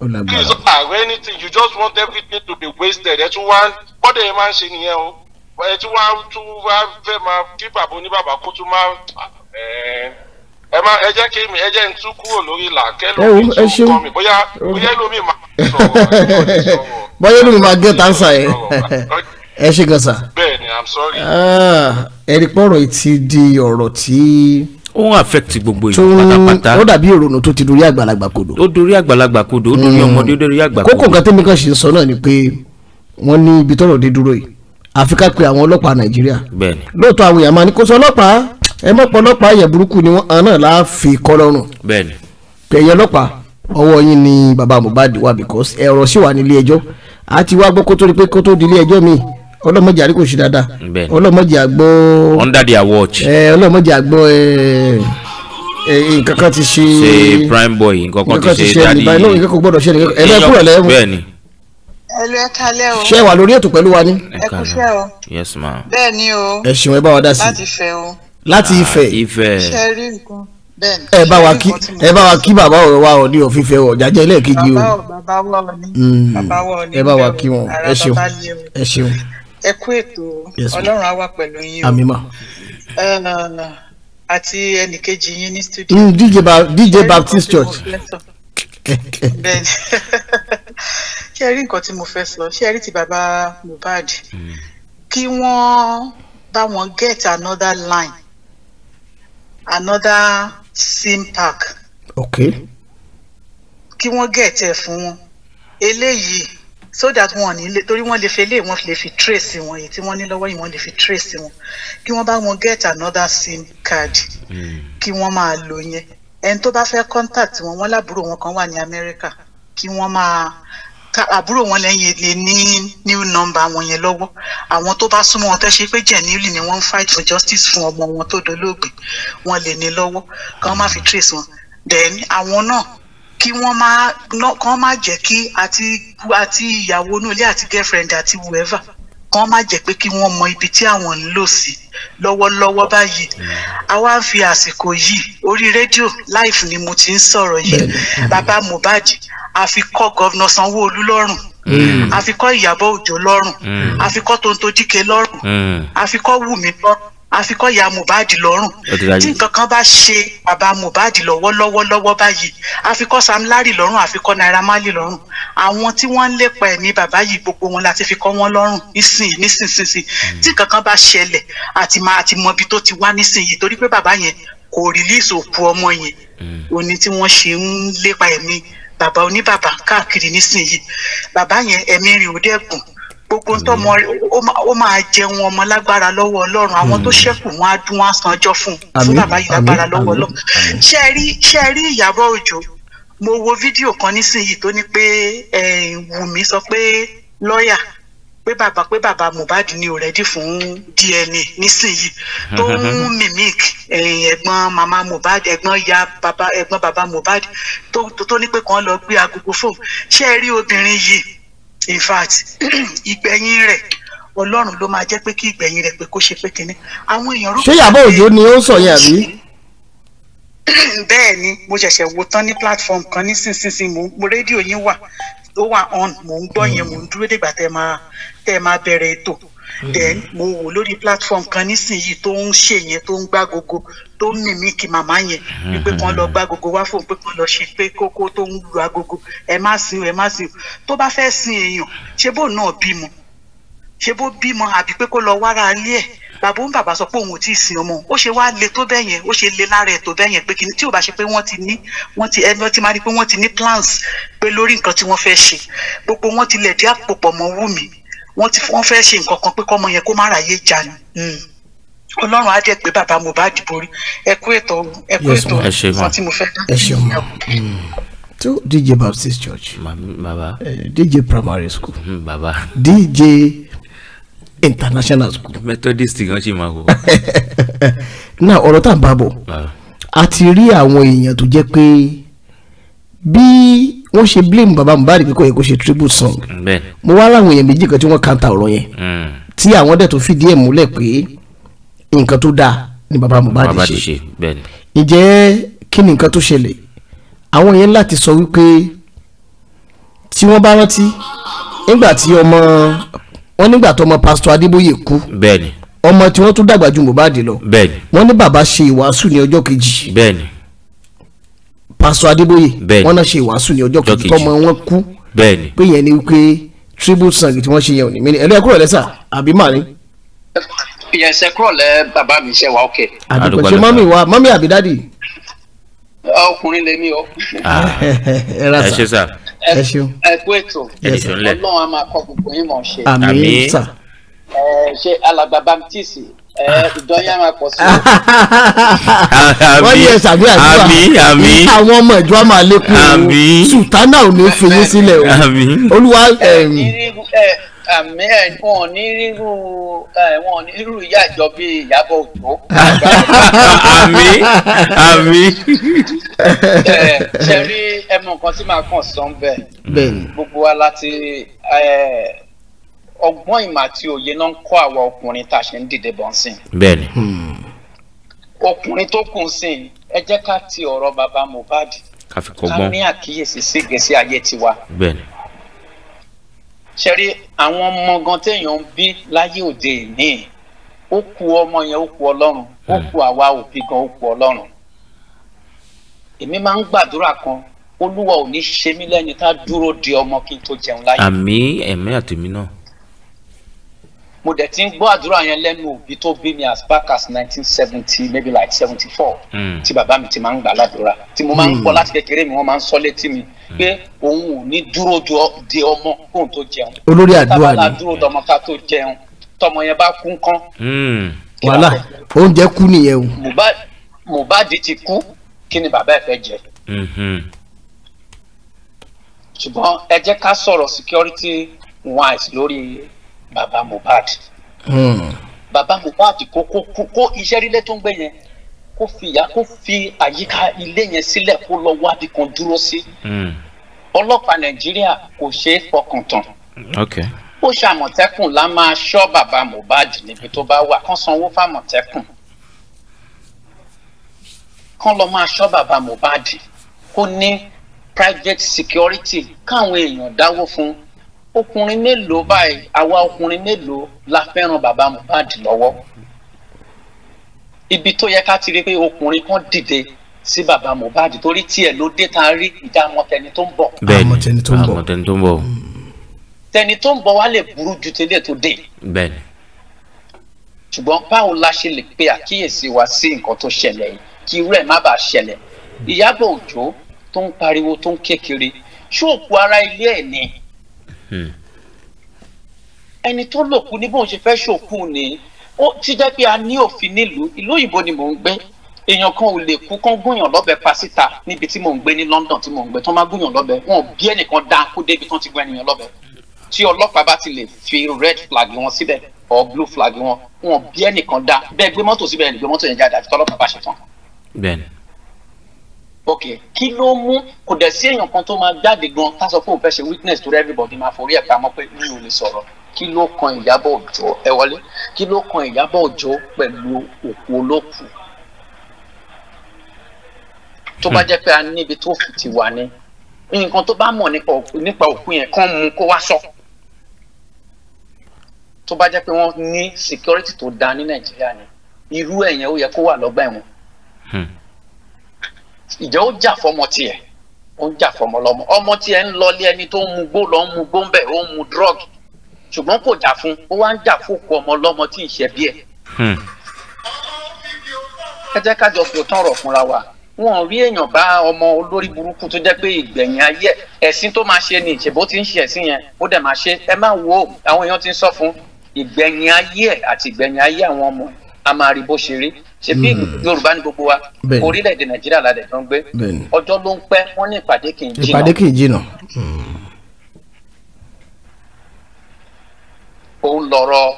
kí sọ ààrẹ anything you just want everything to be wasted ẹ tún wá bọ́dẹ̀ yẹn máa ń ṣe nìyẹn o ẹ tún wá tún wá fẹ́ máa kí bàbá oníbàbà kó tún máa ẹ má ẹ jẹ́ kí mi ẹ jẹ́ n tún kúrò lórí ìlà kẹ́lómi tún kọ́ mi bóyá oh. bóyá lómi máa sọ̀rọ̀ bóyá lómi máa gé tánṣà yẹn ẹ ṣe gan sa bẹ́ẹ̀ ni i'm sorry. Ah, ẹ̀rí pọ̀rọ̀ yìí ti di ọ̀rọ̀ tí ó ń affect gbogbo ìlú pátápátá. ó dàbí òrònà tó ti dorí àgbàlagbà kodò. ó dorí àgbàlagbà kodò ó dorí hmm. ọmọdé ó dorí àgbà kodò. kókò nǹkan tẹ́mi kan ṣe ń sọ náà ni pé wọ́n ní ibi tọ́rọ̀ dé dúró yìí àfi ká pe àwọn ọlọ́pàá nàìjíríà. bẹ́ẹ̀ni lóòótọ́ àwọn èèyàn máa ní kó sọ ọlọ́pàá ẹ mọ̀pọ̀ ọlọ́pàá yẹ burúkú ni wọ́n náà láà fi kọ́ lọ́rùn. bẹ́ẹ̀ni. pẹ̀yẹ ọlọ́pàá ọwọ́ yín ni bàbá Mohbad wà because ẹ̀rọ sì wà nílé ẹjọ́ àti wá gbọ́ ọlọ́mọdé àríkò ṣe dáadáa ọlọ́mọdé àgbọ̀ under their watch ọlọ́mọdé àgbọ̀ nǹkan kan ti ṣe prime boy nǹkan kan ti ṣe daddy nǹkan kan gbọ́dọ̀ ṣe nǹkan ẹ lọ kúrò lẹ́wọ̀n bẹ́ẹ̀ni. ẹ lọ ẹ kalẹ o. ṣé wà lórí ètò pẹ̀lú wa ni. ẹ kú fẹ́ o. yes ma. bẹ́ẹ̀ni o. ẹ ṣeun ẹ bá wa dá sí. láti Ifẹ̀ o. láti Ifẹ̀. Ah, Ifẹ̀. ṣe rí nǹkan bẹ́ẹ̀ni. ẹ bá wa kí ẹ bá wa kí bàbá ọ̀rọ̀ wa ọ̀ ní òfin fẹ́ ọ̀ jàjẹ́ lẹ́ẹ̀kejì o. bàbá wọ̀ ni. Hmm. bàbá wọ̀ ni. ẹ bá wa kí wọn ẹ ṣeun ẹ ṣeun ẹ kú ètò ọlọ́run á wà pẹ̀lú yín o àti ẹnìkejì yín ní studio. Mm, DJ, ba DJ Baptist Church. (laughs) bẹ́ẹ̀ni (laughs) ṣé ẹ rí nǹkan tí mo fẹ́ sọ ṣé ẹ rí ti bàbá Mohbad mm. kí wọ́n bá wọn get another line another sim pack. okay. kí wọ́n get ẹ̀ fún wọn eléyìí so that wọn ní lè torí wọn lè fi lé wọn lè fi trace wọn èyí tí wọn ní lọ́wọ́ yìí wọn lè fi trace wọn kí wọn bá wọn get another sim card hmm. kí wọn máa lò yẹn ẹni tó bá fẹ́ contact wọn wọn lábúrò wọn kan wà ní Amẹ́ríkà kí wọ́n máa àbúrò wọn lẹ́yìn lè ní new number wọn yẹn lọ́wọ́ àwọn tó bá súnmọ́ wọn tẹ́ ṣe pé jẹ̀níìlì ni wọ́n ń fight for justice fún ọmọ wọn tó dolóògbé wọn lè ní lọ́wọ́ kí wọ́n má fi trace wọn then àwọn náà kí wọ́n má kán má jẹ́ kí àti àti ìyàwó inú àti girlfriend àti whoever kán má jẹ́ pé kí wọ́n mọ ibi tí àwọn ń lò sí lọ́wọ́lọ́wọ́ báyìí mm. a wá ń fi àsìkò yìí orí rédíò live ni mo ti ń sọ̀rọ̀ yìí mm. bàbá Mohbad a fi kọ́ gọ́vnà Sanwó-Olú lọ́rùn mm. a fi kọ́ lọ́rùn a fi Tonto Díke lọ́rùn a fi Wùmí lọ́rùn àfikọ́ ya Mohbad lọ́rùn tí nǹkan kan bá ṣe bàbá Mohbad lọ́wọ́ lọ́wọ́ lọ́wọ́ báyìí àfikọ́ Sam Larry lọ́rùn àfikọ́ Naira Marley lọ́rùn àwọn tí wọ́n ń lépa ẹ̀mí bàbá yìí gbogbo wọn láti fi kọ́ wọn lọ́rùn nísìnyí nísinsìnyí tí nǹkan kan bá ṣẹlẹ̀ àti máa àti mọ ibi tó ti wá nísìnyí torí pé bàbá yẹn kò rìlíìsì òkú ọmọ yẹn mm. òní tí wọ́n ṣe ń lépa ẹ̀mí bàbá oníbàbà káàkiri nísìnyí bàbá yẹn ẹ̀mí rìn ó gbogbo tọmọ ó máa jẹun ọmọ lágbára lọ́wọ́ Ọlọ́run àwọn tó hmm. ṣẹ́kù wọn á dún wọn á san ọjọ́ fún fún bàbá yìí lágbára lọ́wọ́ Ọlọ́run ṣe rí ṣe rí Ìyábọ̀ Òjó mo wo fídíò kan nísìnyí tó ní pé Wùmí sọ pé lọ́ọ̀yà pé bàbá pé bàbá Mohbad ní o rẹ́dí fún DNA nísìnyí tó ń (laughs) mimic ẹ̀gbọ́n mama Mohbad ẹ̀gbọ́n ya bàbá ẹ̀gbọ́n bàbá Mohbad tó ní pé kàn lọ gbé agogo fóun ṣe rí obìnrin yìí in fact (clears throat) ìgbẹ̀yìn rẹ̀ ọlọ́run ló máa jẹ́ pé kí ìgbẹ̀yìn rẹ̀ pé kó ṣe pé kínní àwọn èèyàn. ṣé Ìyábọ̀ Òjó ni ó sọ yẹn àbí. (clears throat) bẹ́ẹ̀ ni mo ṣẹ̀ṣẹ̀ wo tán ní platform kan nísinsìnyí mo rédíò yín wà ló wà on mò ń gbọ́ yẹn mò ń dúró dìgbà tẹ́ máa tẹ́ máa bẹ̀rẹ̀ ètò then mo wò lórí platform kan nísìnyí tó ń ṣe yẹn tó ń gbá gogo tó mìmíkì màmá yẹn wípé kàn lọ mhm. gbá agogo wá fóun pé kàn lọ ṣe pé kókó tó ń lu agogo ẹ má sin o ẹ má sin o tó bá fẹ́ sin èèyàn ṣé bó náà bímọ ṣé bó bímọ àbí pé kó lọ wára ilé ẹ̀ bàbá òun bàbá sọ pé òun ò tí ì sin ọmọ ó ṣe wá le tó bẹ́ẹ̀ yẹn ó ṣe le lára ẹ̀ tó bẹ́ẹ̀ pé kí ni tí ò bá ṣe pé wọ́n ti ní wọ́n ti ẹni ọtí máa rí pé wọ́n ti ní plans pé lórí nǹkan tí wọ́n fẹ́ ṣe gbogbo wọ́n tilẹ̀ dí àpòpọ̀ mọ́ wù mí wọ́n fẹ́ ṣe nǹkan kan pé kọ́mọ yẹn kó má ráyè jà ni. Hmm ọlọ́run á jẹ́ pé bàbá Mohbad borí ẹ kú ètò ẹ kú ètò nǹkan mo fẹ́ dá. ẹ ṣeun ma mm. tó dj baptist church baba dj primary school mm, baba dj international school. methodist gan ṣì máa wò. (laughs) Na ọ̀rọ̀ tá à ń bá bọ̀ a ti rí àwọn èèyàn tó jẹ́ pé bí wọ́n ṣe blame baba Mohbad pé kò yẹ kó ṣe tribute song mo wá láwọn èèyàn méjì kan tí wọ́n kanta ọ̀rọ̀ yẹn mm. tí àwọn dẹ̀ tó fìdí ẹ̀ múlẹ̀ pé nǹkan tó dáa ni baba Mohbad ṣe ǹjẹ́ kí ni nǹkan tó ṣẹlẹ̀ àwọn yẹn láti sọ wípé tí wọ́n bá rántí nígbà tí ọmọ wọn nígbà tó ọmọ pásítọ̀ Adébóyè kú ọmọ tí wọ́n tún dàgbà ju Mohbad lọ wọ́n ní bàbá ṣe ìwàásù ní ọjọ́ kejì pásítọ̀ Adébóyè wọ́n náà ṣe ìwàásù ní ọjọ́ kejì tọ́mọ wọn kú pé yẹn ni wípé tribute song tí wọ́n ṣe yẹn ò ní mí ni ẹ̀lẹ́kùrọ̀ lẹ́sà àbí màá ẹsẹ kúrò lẹ bàbá mi ṣe wà ókè. àdùkọ ṣe mọ́mì wa mọ́mì àbí dádì. ọkùnrin lèmi o. Ah. (laughs) ẹ ṣe sá. ẹ ṣeun. ẹ kú ètò. ẹ ṣeun lẹ. ọlọ́run a máa kọ gbogbo yín mọ̀ ṣe. àmín sà. ẹ ṣe alàgbà baptiste ah. ìdọ́yà máa pọ̀ sí. (laughs) wọ́n yẹ àwọn ọmọ ìjọ máa lékún sùtánà ò ní fi sílẹ̀ olúwa àmì ẹ wọn ò ní rírú wọn ò ní rírú ìyá àjọ bíi Ìyábọ̀ Òjó. àmì àmì. ṣe rí ẹmọ nǹkan tí màá kàn sọ bẹ́ẹ̀. bẹ́ẹ̀ni. gbogbo wa láti ọgbọ́n ìmọ̀ àti òye náà ń kọ́ àwa ọkùnrin tá a ṣe ń dìde bọ̀ ń sìn. bẹ́ẹ̀ni. Hmm. ọkùnrin tó kù ń sìn ẹ jẹ́ ká ti ọ̀rọ̀ bàbá Mohbad. ká ní àkíyèsí sí ìgbésí ayé tiwa. bẹ́ẹ̀ni ṣẹ́rí àwọn ọmọ gan téèyàn ń bí láyé òde ìní ó ku ọmọ yẹn ó ku ọlọ́run ó hmm. ku àwa òbí gan ó ku ọlọ́run èmi máa ń gbàdúrà kan olúwa ò ní ṣe mí lẹ́ni tá dúró de ọmọ kí n tó jẹun láyé. àmì ẹ̀mí àtèmi náà mo dẹ̀ ti ń gbọ́ àdúrà yẹn lẹ́nu òbí tó bí mi as back as nineteen seventy maybe like seventy four hmm. tí bàbá mi ti máa ń gbà ládùúrà tí mo máa ń gbọ́ hmm. láti kékeré mi wọ́n máa ń sọ létí mi hmm. pé òun ò ní dúró de ọmọ kóun tó jẹun olórí àdúrà ni tábàlà dúró dọmọ ká tó jẹun tọmọ yẹn bá kú kán. wàhálà oúnjẹ kú nìyẹn o. Mohbad ti kú kí ni bàbá ẹ fẹ́ jẹ. ṣùgbọ́n ẹ jẹ́ ká sọ̀rọ̀ security wise lórí bàbá Mohbad. Hmm. bàbá Mohbad kó kó kó iṣẹ́ rílẹ̀ tó ń gbé yẹn kó fi ìyá kó fi àyíká ilé yẹn sílẹ̀ kó lọ wábi kan dúró sí. Hmm. ọlọ́pàá Nàìjíríà kò ṣeé fọkàn tán. ó ṣàmọ̀tẹ́kùn la máa ṣọ́ bàbá Mohbad níbi tó bá wà kán sanwó fàmọ̀tẹ́kùn kán lọ máa ṣọ́ bàbá Mohbad kó ní private security káwọn èèyàn dáwó fún un ọkùnrin mélòó báyìí àwa ọkùnrin mélòó la fẹ́ràn bàbá Mohbad lọ́wọ́ ibi tó yẹ ká ti rí pé ọkùnrin kan dìde sí bàbá Mohbad torí tiẹ̀ ló dé tá a rí ìjà àmọ̀tẹni tó ń bọ̀. bẹ́ẹ̀ni àmọ̀tẹni tó ń bọ̀ tẹni tó ń bọ̀ wá lè burú ju tẹ́lẹ̀ tó dé. bẹ́ẹ̀ni. ṣùgbọ́n báwo la ṣe lè pe àkíyèsí wa sí nǹkan tó ṣẹlẹ̀ yìí kí irú ẹ̀ má bàa ṣẹlẹ̀ Ìyábọ̀ Òjó tó ń pariwo tó ń kékeré ṣóòkù ara ilé ẹ̀ ni Hmm. ẹni tó lòkú ní bóun ṣe fẹ́ ṣòkú ni ó ti jẹ́ pé a ní òfin nílùú ìlú òyìnbó ni mò ń gbé èèyàn kan ò lè kú kán gúnyàn lọ́bẹ pa síta níbi tí mò ń gbé ní London tí mò ń gbé tán má gúnyàn lọ́bẹ wọn ò bí ẹnìkan dáńkú débi tán ti gún ènìyàn lọ́bẹ tí ọlọ́pàá bá ti lè fi red flag wọn síbẹ̀ or blue flag wọn wọn ò bí ẹnìkan dá bẹ́ẹ̀ gbé mọ́tò síbẹ̀ ẹnì gbé mọ́tò yẹn jáde àti tọ́lọ́pàá bá ṣe tán. bẹ́ẹ̀ni ok kí ló mú kò dẹ̀ sí èèyàn kan tó máa jáde gan tá a òun fẹ́ ṣe witness to everybody máa forí ẹ̀ pamọ́ pé mi ò lè sọ̀rọ̀ kí ló kan Ìyábọ̀ Òjó ẹ wọlé kí ló kan Ìyábọ̀ Òjó pẹ̀lú òkú olókùú tó bá hmm. jẹ́ pé a níbi tó fi ti wà ni nǹkan tó bá mọ̀ nípa òkú yẹn kàn mú kó wá sọ tó bá jẹ́ pé wọ́n ní security tó dáa ní Nàìjíríà ni irú ẹ̀yẹn ó yẹ kó wà lọ́gbà ẹ̀wọ̀n. Hmm ìjẹ́ ó jà fọmọ tiẹ̀ ó ń jà fọmọ lọmọ ọmọ tiẹ̀ ń lọlé ẹni tó ń mu gbó lọ ń mu gbó ń bẹ̀ ó ń mu drug ṣùgbọ́n kò jà fún ó wá ń jà fókù ọmọ lọmọ tí ì ṣe bí ẹ̀. Hmm. ẹ jẹ́ ká jọ fòótán ọ̀rọ̀ fúnra wa wọn rí èèyàn bá ọmọ olórí burúkú tó jẹ́ pé ìgbẹ̀yìn ayé ẹ̀sìn tó máa ṣe ni ìṣèbó ti ń ṣe ẹ̀sìn yẹn ó dẹ̀ máa ṣe ẹ má wo àwọn èèyàn ti ń sọ fún ìgbẹ̀yìn ayé àti ìgbẹ̀yìn ayé àwọn ọmọ a máa rí bó ṣe rí ṣe bí hmm. yorùbá ní gbogbo wa orílẹ̀-èdè nàìjíríà la dẹ̀ tó ń gbé ọjọ́ ló ń pẹ́ wọ́n ní ìpàdé kì í jìnà. ìpàdé kì í jìnà. òun lọ̀rọ̀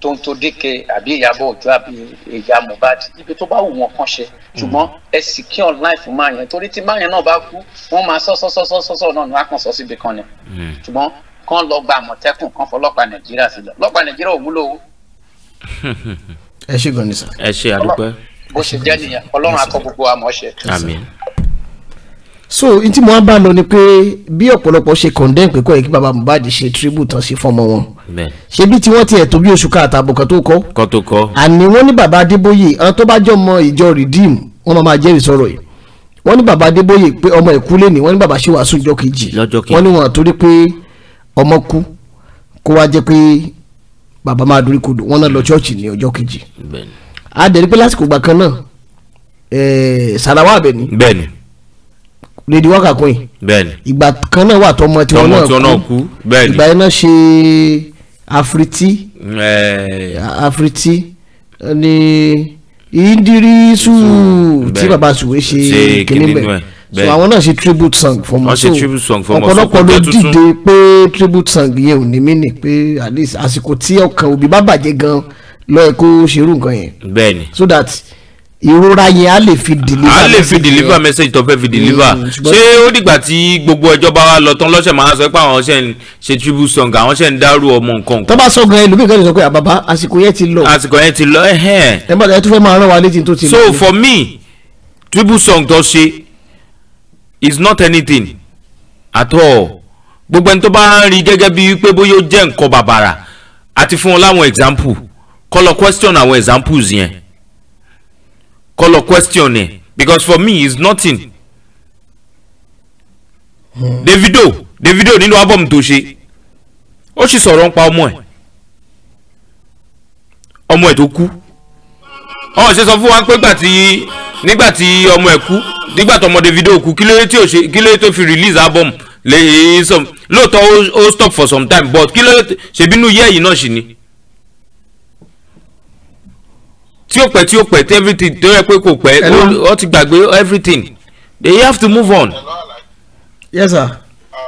tó ń tó déke àbí ìyàbọ̀ òjò àbí ìyá Mohbad ibi tó bá wù wọn kàn ṣe ṣùgbọ́n ẹ sì kí online fún máa yẹn torí tí máa yẹn náà bá kú wọ́n máa sọ sọ sọ sọ sọ sọ náà ní akànṣọ síbi kan ni hmm. ṣùgbọ́n kán lọ gba àmọ̀tẹ́kùn kan fọlọ́pàá nàìjíríà sílẹ̀ lọ́pàá nàìjíríà ò wúlò o. (laughs) ẹ ṣe gan ni sà. ẹ ṣe àdúpẹ́. bó ṣe jẹ́ nìyẹn ọlọ́run akọ gbogbo àmọ́ ṣe. àmín. so n tí mo wá bá lọ ni pé bí ọ̀pọ̀lọpọ̀ ṣe condemn pé kọ́ ẹ̀ kí baba Mohbad ṣe tribute tán sí fọ́mọ wọn. ṣebí tí wọ́n tiẹ̀ tó bí oṣù káàtà àbọ̀ kan tó kọ́. kan tó kọ́. àní wọ́n ní baba Adébóyè àwọn tó bá jọ mọ ìjọ Redeem wọ́n máa jẹ́rìí sọ̀rọ̀ yìí wọ́n ní baba Adébóyè pé ọmọ ìkúlé ni wọ́n ní baba ṣe wàásù jọ kejì wọ́n ní wọn àtúrí pé ọmọ kú kó wá jẹ́ pé Baba máa dorí kodò wọn náà lọ ṣọ́ọ̀ṣì ní ọjọ́ kejì a dẹ̀ rí pé lásìkò gbà kan náà sàràwá àbẹ̀ni lèdi wákà kún yìí ìgbà kan náà wà tọmọ tí wọn náà kú ìgbà yẹn náà ṣe afriti afriti ní ìdírísù tí bàbá sùwé ṣe kìnìún so àwọn náà ṣe tribute song fún wọn so ọ̀pọ̀lọpọ̀ ló dìde pé tribute song yẹn ò ní mí nì pé at least àsìkò tí ọkàn òbí bá bàjẹ́ gan lọ́ọ̀ kó ṣerú nǹkan yẹn bẹ́ẹ̀ni so that ìrora yẹn a lè fi deliver a lè fi deliver message tó fẹ́ fi deliver mm, ṣé ó dìgbà tí gbogbo ẹjọ́ bá wa lọ lọ́sẹ̀ máa sọ pé àwọn ṣe ń ṣe tribute song àwọn ṣe ń dárú ọmọ nǹkan. tó bá sọ̀gùn ẹ lómi kan lè sọ pé àbàbà àsìkò yẹn ti lọ. àsìkò yẹn ti lọ ẹhẹn. ẹ bá ẹ tún fẹ́ máa rán wa létí tó ti lọ. so for me tribute song tó ṣe is not anything at all gbogbo ẹni tó bá ń rí gẹ́gẹ́ bí wípé bóyá ó jẹ́ nǹkan bàbàrà àti fún wọn láwọn example kó lọ question àwọn examples yẹn kó lọ question yẹn because for me is nothing hmm. Davido Davido nínú album tó ṣe ó sì sọ̀rọ̀ ń pa ọmọ ẹ̀ ọmọ ẹ̀ tó kú ọ ṣe sọ fún wa pé gbàtí nígbà tí ọmọ ẹ̀ kú nígbà tí ọmọ Davido kú kí lóye tí ò ṣe kí lóye tó fi release album lè sọ lóòótọ́ ó stop for some time but kí lóye ṣèbínú yẹ́ yìí náà ṣì ni. tí ó pẹ́ tí ó pẹ́ tí everything tó yẹ pé kò pẹ́ ó ti gbàgbé everything they have to move on. yes sir. Ah,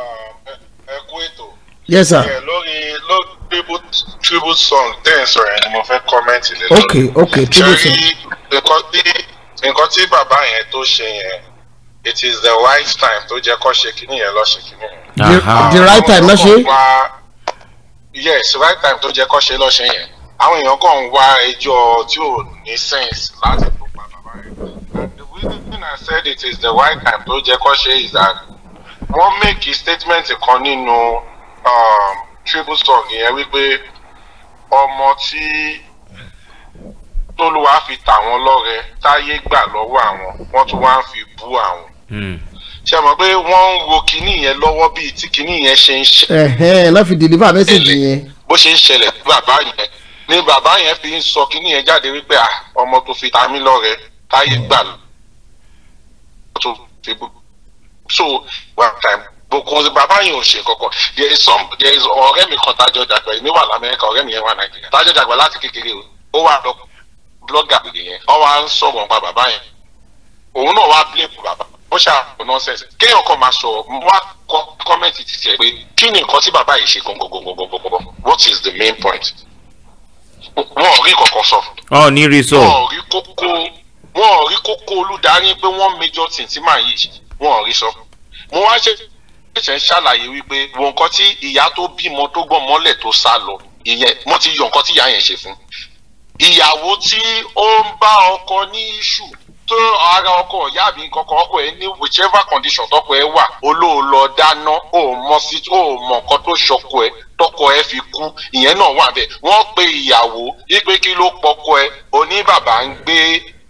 ẹ kú ètò. yes sir. Yeah, tribute tribute song ten sọ̀rọ̀ ni mo fẹ́ kọ́mẹ́ǹtì lé lórí. okay okay tribute song. ṣe nǹkan tí nǹkan tí bàbá yẹn tó ṣe yẹn it is the right time to jẹ́ kó ṣe kini. yẹn lọ ṣe kíní yẹn. the right time lọ ṣe. yes right time to jẹ́ kó ṣe lọ ṣe yẹn àwọn èèyàn kàn ń wá ẹjọ́ tí ò ní sense láti tó pa bàbá yẹn. and the reason I said it is the right time to jẹ́ kó ṣe is that wọ́n make statement kan nínú. No, um, triple song yẹn wípé ọmọ tí tólúwa fi tà wọ́n lọ́rẹ táyé gbà lọ́wọ́ àwọn wọ́n tún wá ń fi bú àwọn. Hmm. ṣe mọ̀ pé wọ́n ń wo kinní yẹn lọ́wọ́ bíi tí kinní yẹn ṣe ń ṣe. ẹ̀hẹ́n lọ́ fi deliver message yẹn. bó ṣe ń ṣẹlẹ̀ sí bàbá yẹn ni bàbá yẹn fi ń sọ kinní yẹn jáde wípé ọmọ tó fi ta mí lọ́rẹ táyé gbà lọ́wọ́ so one time gbogbo bàbá yìí ò ṣe kankan there is some there is ọ̀rẹ́ mi kan tájọ dàgbà èmi wà lamẹ́ríkà ọ̀rẹ́ mi yẹn wà nàìjíríà tájọ dàgbà láti kékeré o ó wà lọ blọ́gà nìyẹn ó wà ń sọ̀rọ̀ nípa bàbá yẹn òun náà wá blame bàbá ó ṣàkóso nonsense kéèyàn kan máa sọ wá kọ́mẹ́ǹtì ti tiẹ̀ pé kí ni nǹkan tí bàbá yìí ṣe gbọ̀ngbọ̀ngbọ̀ngbọ̀ngbọ̀ what is the main point wọn ò rí kankan sọ. ọ ní rí sọ. wọn ò rí kókó wọn ò rí kókó olùdarí pé wọn major thing yìí wọn ò rí sọ. mo wá ṣe ṣẹ̀ṣẹ̀ ń ṣàlàyé wípé wo nǹkan tí ìyá tó bímọ tó gbọ́n mọ́lẹ̀ tó sá lọ ìyẹn wọ́n ti yọ nǹkan tí ìyá yẹn ṣe fún. ìyàwó tí ó ń bá ọkọ ní iṣu tó ara ọkọ ìyá mi kankan ọkọ ẹ ní whichever condition tọkọ ẹ wà olóòlọ dáná ó mọ sí ó mọ nǹkan tó ṣọkọ ẹ tọkọ ẹ fi kú ìyẹn náà wà bẹ́ẹ̀ wọ́n pe ìyàwó wípé kí ló pọkọ ẹ oní bàbá ń gbé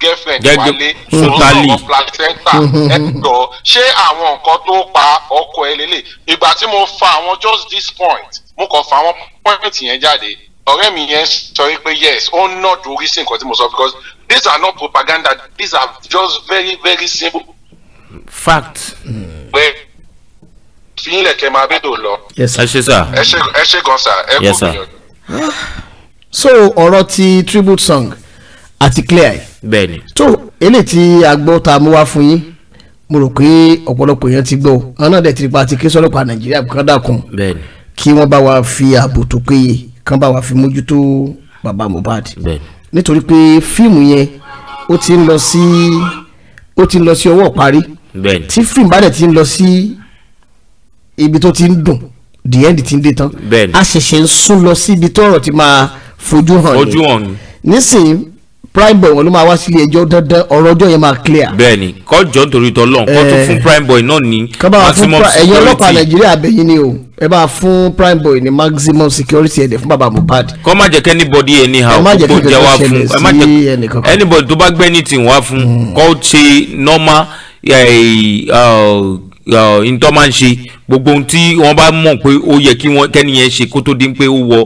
girlfriend wálé olóòwò placenta (laughs) ẹ̀dọ̀ ṣé àwọn nǹkan tó pa ọkọ ẹ lélẹ̀ ìgbà tí mo fa àwọn just this point mo kàn fa àwọn point yẹn jáde ọ̀rẹ́ mi yẹn sọ pé yes ó ń nọ́ dorí sí nǹkan tí mo sọ because these are not propaganda these are just very very simple fact. pé fílẹ̀ kẹ́ máa bẹ́ẹ̀ tó lọ. ẹ ṣe sá. ẹ ṣe gan sá ẹ kò gbìyànjú. so ọ̀rọ̀ ti tribute song àti clear ẹ̀. bẹ́ẹ̀ni. tó eléyìí tí a gbọ́ tá mú wá fún yín mo rò pé ọ̀pọ̀lọpọ̀ èèyàn ti gbọ́ àwọn náà dẹ̀ ti pa ti ké sọ́lọ́pàá nàìjíríà kan dàkún. bẹ́ẹ̀ni. kí wọ́n bá wa fi ààbò tó péye kán bá wa fi mójútó bàbá Mohbad. bẹ́ẹ̀ni. nítorí pé fíìmù yẹn ó ti ń lọ sí ó ti ń lọ sí ọwọ́ parí. bẹ́ẹ̀ni. tí fíìmù bá dẹ̀ ti ń lọ sí ibi tó ti ń dùn the end ti ń dé tán. bẹ́ẹ̀ni. a ṣẹ̀ṣẹ̀ ń sún lọ sí ibi tó ọ̀rọ̀ ti máa fojú hàn ni. fojú hàn ni. nísìnyí prime boy wọn ló máa wá sílé ẹjọ́ dandan ọ̀rọ̀ ọjọ́ yẹn máa clear. bẹ́ẹ̀ni kọjọ nítorí tọlọ́run kó tún eh. fún prime boy náà ní maximum security. ẹ̀yin ọlọ́pàá nàìjíríà bẹ̀yìn ni o ẹ bá fún prime boy ní maximum security ẹ̀dẹ̀ fún baba mohbad. kọ́ má jẹ́ kí anybody anyhow kó jẹ́ wá fún ẹ má jẹ́ anybody tó bá gbẹ́ ní tì wá fún hmm. kó ṣe normal eh, eh, oh, oh, ntọ́ máa ń ṣe gbogbo ohun tí wọ́n bá mọ̀ pé ó yẹ kí kẹ́niyẹn ṣe kó tó dín pé ó wọ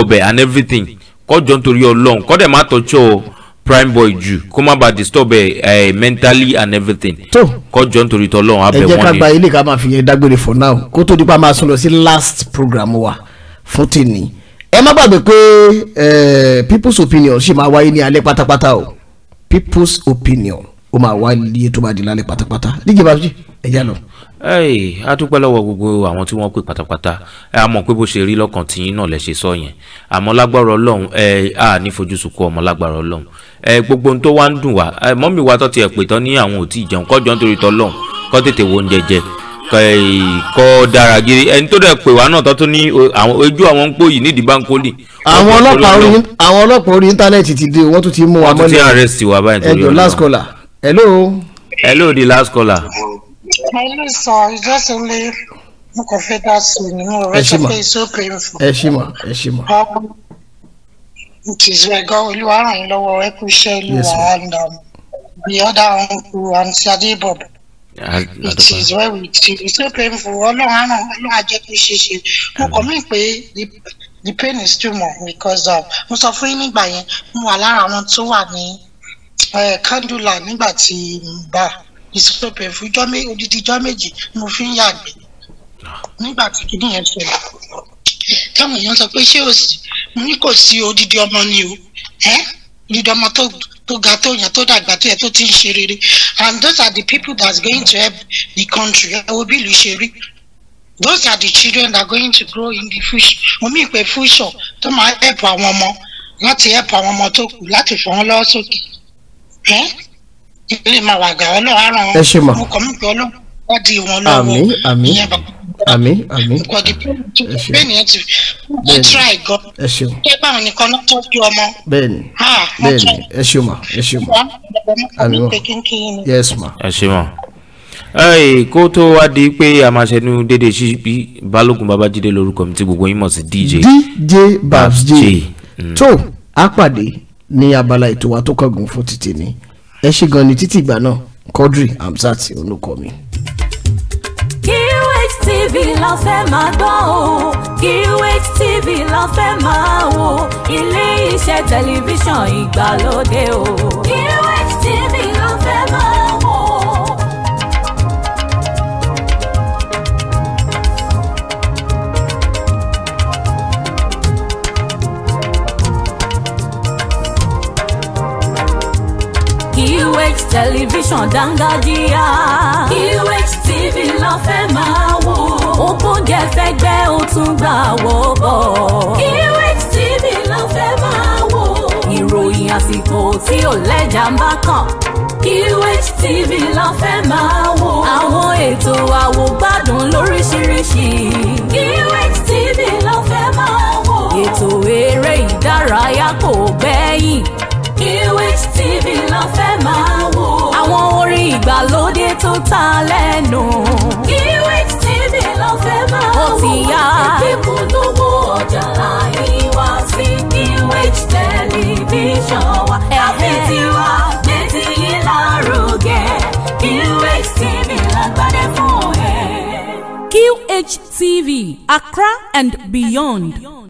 ọbẹ̀ and everything kọjọ nítorí Ọlọ́run kọdẹ má tọjọ o prime boy jù kó má bàa disturb ẹ ẹ mentally and everything. tó kọjọ nítorí tọlọ́run abẹ wọn ni. ẹ jẹ́ ká gba ilé ká máa fi yẹn dágbére for now kó tó pa máa sún lọ sí last program wa fún tèmi ẹ má gbàgbé pé people's opinion ṣì máa wáyé ní alẹ́ pátápátá o people's opinion ó máa wáyé tó bá di lálẹ́ pátápátá díje bá ẹ já lọ. Hey, a dúpẹ́ lọ́wọ́ gbogbo àwọn tí wọ́n pè pátápátá ẹ a mọ̀ pé bó ṣe rí lọ́kàn tí yín náà lẹ ṣe sọ yẹn àmọ́ lágbára ọlọ́run ẹ a ní fojú sunkún ọmọ lágbára ọlọ́run ẹ gbogbo ohun tó wá ń dùn wá ẹ mọ́mì wa tó tiẹ̀ pè tán ní àwọn ò tí ì jẹun kọ́jọ́ nítorí tọ́lọ́run kọ́ tètè wo oúnjẹ jẹ kọ́ dára gírí ẹni tó dẹ̀ pè wá náà tó tún ní ojú àwọn ń pòyì nídìí báńkólì. àwọn ọlọ́pàá orí íńtánẹ́ẹ̀tì ti dé wọ́n tún ti mú wa mọ́lẹ̀ ẹjọ́ last caller hello. hello the last caller hello sir it's just only mo kàn fẹ́ dá sí i ni mo rẹ́ sọ pé it's so painful. ẹ ṣì mà ẹ ṣì mà. ǹtìzú um, will olúwa ràn yín the ẹ kú iṣẹ́ olúwa and um, the other uncle aunty adébọ̀bọ̀. it is where we you it's so painful ọlọ́run àrùn ọlọ́run àjẹkù ṣíṣe mo kàn mí pay the pain is too much because um, mo sọ fún yín nígbà yẹn mo wà lára àwọn tó wà ní eh, kandula nígbà ìsọpẹ fújọ odidi jọ méjì mo fi ń yàgbẹ́ ah. nígbà tí kìíní yẹn ṣẹlẹ̀ táwọn èèyàn sọ pé ṣé o sì mo ní kò sí odidi ọmọ ni o ẹ odidi ọmọ tó tó ga tó yàn tó dàgbà tó yẹ tó ti ń ṣe rere and those are the people that's going to help the country ẹ wo bí ìlú ṣe rí those are the children that are going to grow in the future omi ìpè future tó máa help àwọn ọmọ láti help àwọn ọmọ tó kù láti fọ wọn sókè ilé máa wà gà ọlọ́run àrùn àwọn orúkọ mọ̀pẹ́ ọlọ́run wá di wọn lọ́wọ́ ìyẹn bàbá àmì àmì nǹkan di bẹ́ẹ̀ni ẹ ti ẹ tíráì gan ẹ ṣeun ẹ bá àwọn nìkan náà tọ́jú ọmọ bẹ́ẹ̀ni bẹ́ẹ̀ni ẹ ṣeun ma ẹ ṣeun ma àmì ma yes ma ẹ ṣeun ma ẹyìn kó tó wá di pé a máa ṣẹnu dédé balógun babájídé lórúkọ mi tí gbogbo yín mọ̀ sí dj dj babs j tó mm. a pàdé ní abala ètò wa tó kángun fún títì ní ẹ ṣe gan ni títí ìgbà náà Quadri Hamzat olùkọ́ mi. QH TV la fẹ́ máa gbọ́ o QH TV la fẹ́ máa wo ilé iṣẹ́ tẹlifíṣàn ìgbàlódé o. QH tẹlifíṣàn dáńgájíá. QHTV e ló fẹ́ máa wò. ògbóǹjẹ fẹ́gbẹ́ ó tún gbà wọ́ bọ̀. QHTV e ló fẹ́ máa wò. ìròyìn àsìkò tí ò lẹ́jà ń bá kàn. QHTV e ló fẹ́ máa wò. àwọn ètò àwògbádùn lóríṣiríṣi. QHTV ló fẹ́ máa wò. ètò eré ìdárayá kò gbẹ́yìn tún ta lẹ́nu. QH TV ló fẹ́ máa wò ó ti yá. ìdínkù tó wọ ọjà láyé wá sí QH tẹlifíṣàn wa. àfi tiwa gbé ti yín lárugẹ QH TV lágbádẹ fún ẹ. QH TV Accra and beyond.